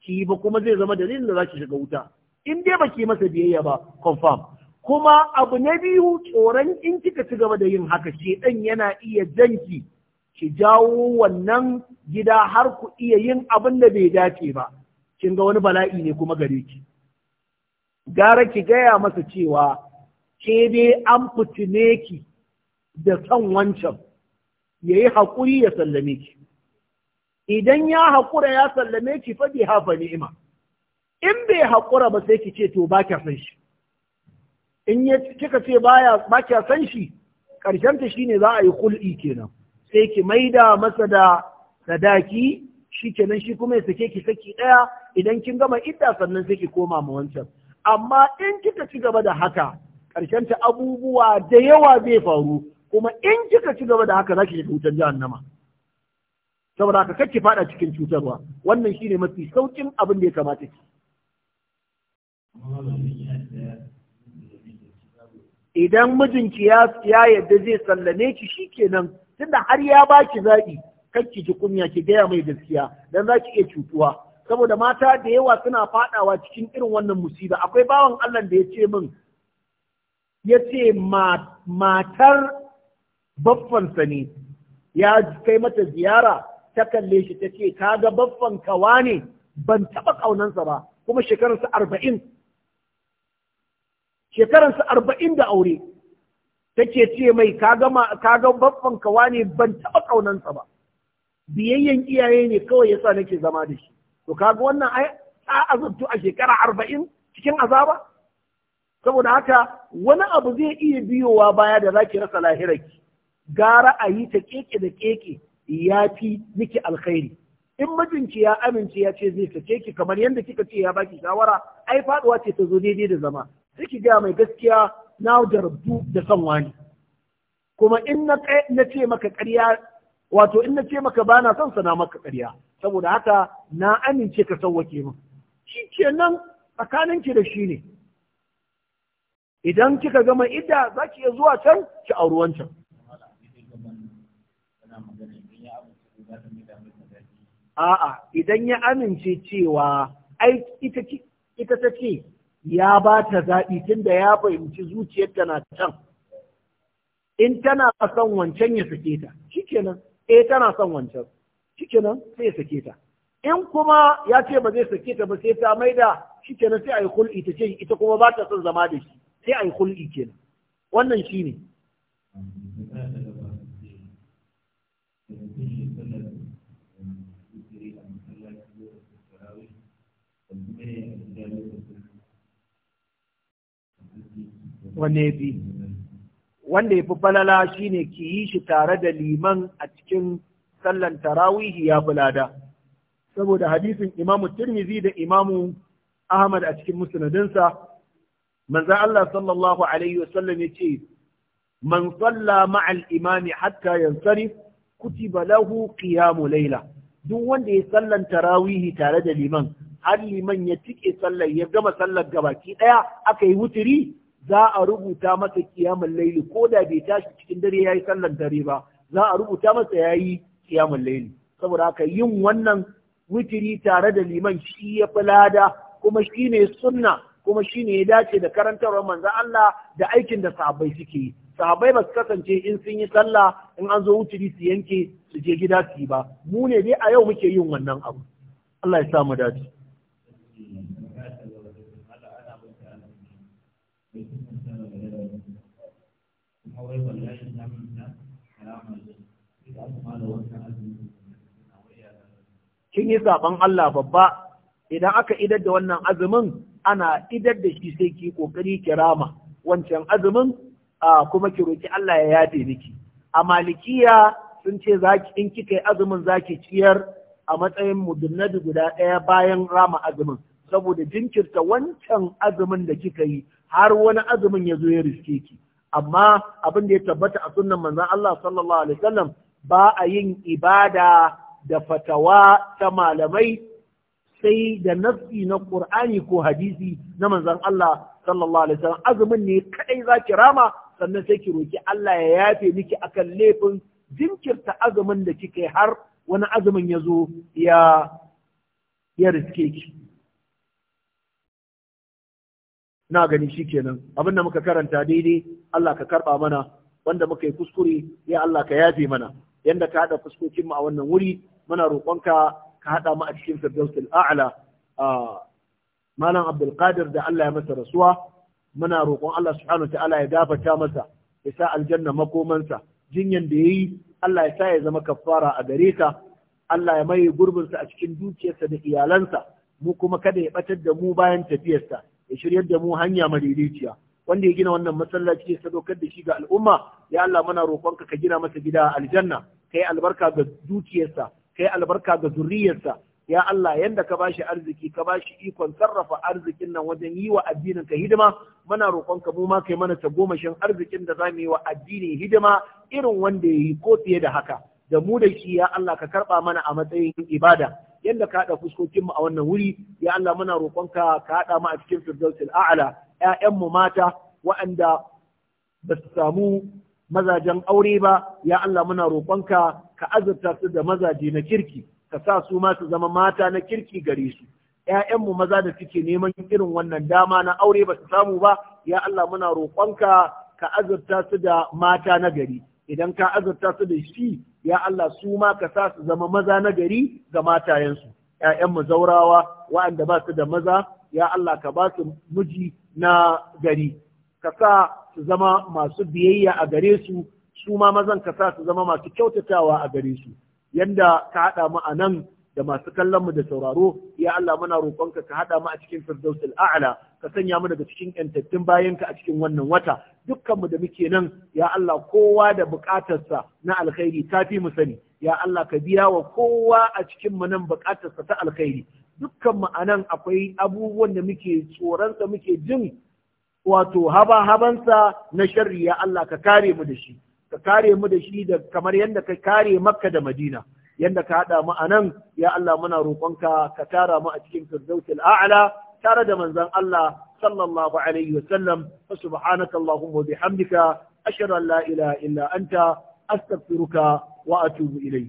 ki ba kuma zai zama dalilin da za ki shiga wuta in dai ba ki masa biyayya ba confirm kuma abu na biyu tsoron in kika ci gaba da yin haka dan yana iya janki ki jawo wannan gida har ku iya yin abin da bai dace ba kin ga wani bala'i ne kuma gare ki gara ki gaya masa cewa ke dai an fitine ki da son wancan ya yi haƙuri ya sallame ki idan ya haƙura ya sallame ki faɗi hafa ni'ima in bai haƙura ba sai ki ce to ba kya san shi in ya kika ce ba kya san shi ƙarshenta ne za a yi kul'i kenan sai ki maida masa da sadaki shi kenan shi kuma ya sake ki saki ɗaya idan kin gama idda sannan sai ki koma ma wancan amma in kika ci gaba da haka ƙarshen ta abubuwa da yawa zai faru kuma in kika ci gaba da haka za ki shiga wutar jahannama saboda haka kake fada cikin cutarwa wannan shine mafi saukin abin da ya kamata ki idan mijinki ya yarda yadda zai sallame ki shi kenan tunda har ya baki zaɓi ki ji kunya ki gaya mai gaskiya dan ki iya cutuwa saboda mata da yawa suna faɗawa cikin irin wannan musiba akwai bawan Allah da ya ce min ya ce matar baffansa ne ya kai mata ziyara ta kalle shi ta ce ka ga baffan kawa ne ban taɓa ƙaunansa ba kuma shekararsa arba'in shekararsa arba'in da aure ta ce ce mai ka ga baffan kawa ne ban taɓa ƙaunansa ba biyayyen iyaye ne kawai yasa nake zama da shi to kaga wannan a ta azabtu a shekara arba'in cikin azaba saboda haka wani abu zai iya biyowa baya da zaki rasa lahirarki gara a yi ta keke da keke ya fi miki alkhairi in mijinki ya amince ya ce zai sake ki kamar yadda kika ce ya baki shawara ai faduwa ce ta zo daidai da zama sai ki ga mai gaskiya na jarabtu da san wani kuma in na ce maka ƙarya wato in na ce maka bana son sana maka ƙarya saboda haka na amince ka sauwake min shi kenan tsakaninki da shi ne idan kika gama idda za ki iya zuwa can ki auri wancan a'a idan ya amince cewa ai ita ta ce ya ba ta zaɓi tun da ya fahimci zuciyarta na can in tana son wancan ya sake ta kenan, eh tana son wancan kenan sai ya sake ta in kuma ya ce ba zai sake ta ba sai ta maida kenan sai a yi ta ce ita kuma ba ta son zama da shi sai a yi hulɗi kenan wannan shi ne wanne bi wanda ya fi falala shine ki yi shi tare da liman a cikin sallan tarawihi ya fi saboda hadisin imamu tirmizi da imamu ahmad a cikin musnadinsa manzo Allah sallallahu alaihi wasallam yace man salla ma'al imami hatta yansarif kutiba lahu qiyamu layla duk wanda ya sallar tarawihi tare da liman har liman ya tike sallar ya gama sallar gabaki daya aka yi wuturi za a rubuta masa qiyamul layli ko da bai tashi cikin dare yayi sallar dare ba za a rubuta masa yayi qiyamul layli saboda haka yin wannan wuturi tare da liman shi ya fi lada kuma shi ne sunna kuma shi ne ya dace da karantarwar manzan Allah da aikin da sahabbai suke yi sahabbai ba su kasance in sun yi sallah in an zo wuturi su yanke su je gida su yi ba mu ne dai a yau muke yin wannan abu Allah ya sa mu dace kin yi saban Allah babba idan aka idar da wannan azumin ana idar da shi sai ki kokari kirama wancan azumin kuma ki roki Allah ya yafe miki a malikiya sun ce zaki in kika yi azumin zaki ciyar a matsayin mudunnadi guda ɗaya bayan rama azumin saboda jinkirta wancan azumin da kika yi har wani azumin ya zo ya riske ki amma abin da ya tabbata a sunnan manzon Allah sallallahu alaihi wasallam ba a yin ibada da fatawa ta malamai sai da nafsi na ƙur'ani ko hadisi na manzon Allah sallallahu alaihi wasallam azumin ne kadai zaki rama sannan sai ki roki Allah ya yafe miki akan laifin jinkirta azumin da kike har wani azumin ya zo ya ya riske ki na gani shikenan abin da muka karanta daidai Allah ka karba mana wanda muka yi kuskure ya Allah ka yafe mana yanda ka hada fuskokin mu a wannan wuri muna roƙonka ka haɗa mu a cikin firdausul a'la malam abdul qadir da Allah ya masa rasuwa muna roƙon Allah subhanahu ta'ala ya gafarta masa ya sa aljanna makomansa jinyan da yayi Allah ya sa ya zama kaffara a gare ka Allah ya mai sa a cikin dukiyarsa da iyalansa mu kuma kada ya batar da mu bayan tafiyarsa ya shiryar da mu hanya madaidaiciya wanda ya gina wannan masallaci ya sadaukar da shi ga al'umma ya Allah muna roƙonka ka gina masa gida a aljanna kai albarka ga dukiyarsa kai albarka ga zuriyarsa ya Allah yanda ka bashi arziki ka bashi ikon sarrafa arzikin nan wajen yi wa addinin ka hidima muna roƙon ka mu ma kai mana tagomashin arzikin da zamu yi wa addini hidima irin wanda yayi ko fiye da haka da mu da shi ya Allah ka karba mana a matsayin ibada yanda ka haɗa fuskokin mu a wannan wuri ya Allah muna roƙon ka ka haɗa mu a cikin firdausil a'la ƴaƴan mu mata waɗanda ba su samu mazajen aure ba ya Allah muna roƙonka ka azurta su da mazaje na kirki ka sa su ma su zama mata na kirki gare su ‘ya'yanmu maza da suke neman irin wannan dama na aure ba su samu ba ya Allah muna roƙonka ka azurta su da mata na gari idan ka azurta su da shi ya Allah su ma ka sa su zama maza na gari ga matayensu ‘ya'yanmu zaurawa wa'anda ba su da maza ya Allah ka ba su miji na gari ka sa su zama masu biyayya a gare su su ma mazan ka sa su zama masu kyautatawa a gare su yanda ka haɗa mu a nan da masu kallon mu da sauraro ya Allah muna roƙonka ka haɗa mu a cikin firdausul a'la ka sanya mu daga cikin yantattun bayanka a cikin wannan wata dukkan mu da muke nan ya Allah kowa da buƙatarsa na alkhairi fi mu sani ya Allah ka biya wa kowa a cikin mu nan buƙatarsa ta alkhairi dukkan mu anan akwai abubuwan da muke tsoronsa muke jin wato haba habansa na sharri ya Allah ka kare mu da shi ka kare mu da shi da kamar yadda ka kare Makka da Madina yadda ka haɗa mu a nan, ya Allah muna roƙonka ka tara mu a cikin firdausil a'la tare da manzon Allah sallallahu alaihi wa sallam subhanaka allahumma bihamdika ashhadu an la illa anta astaghfiruka wa atubu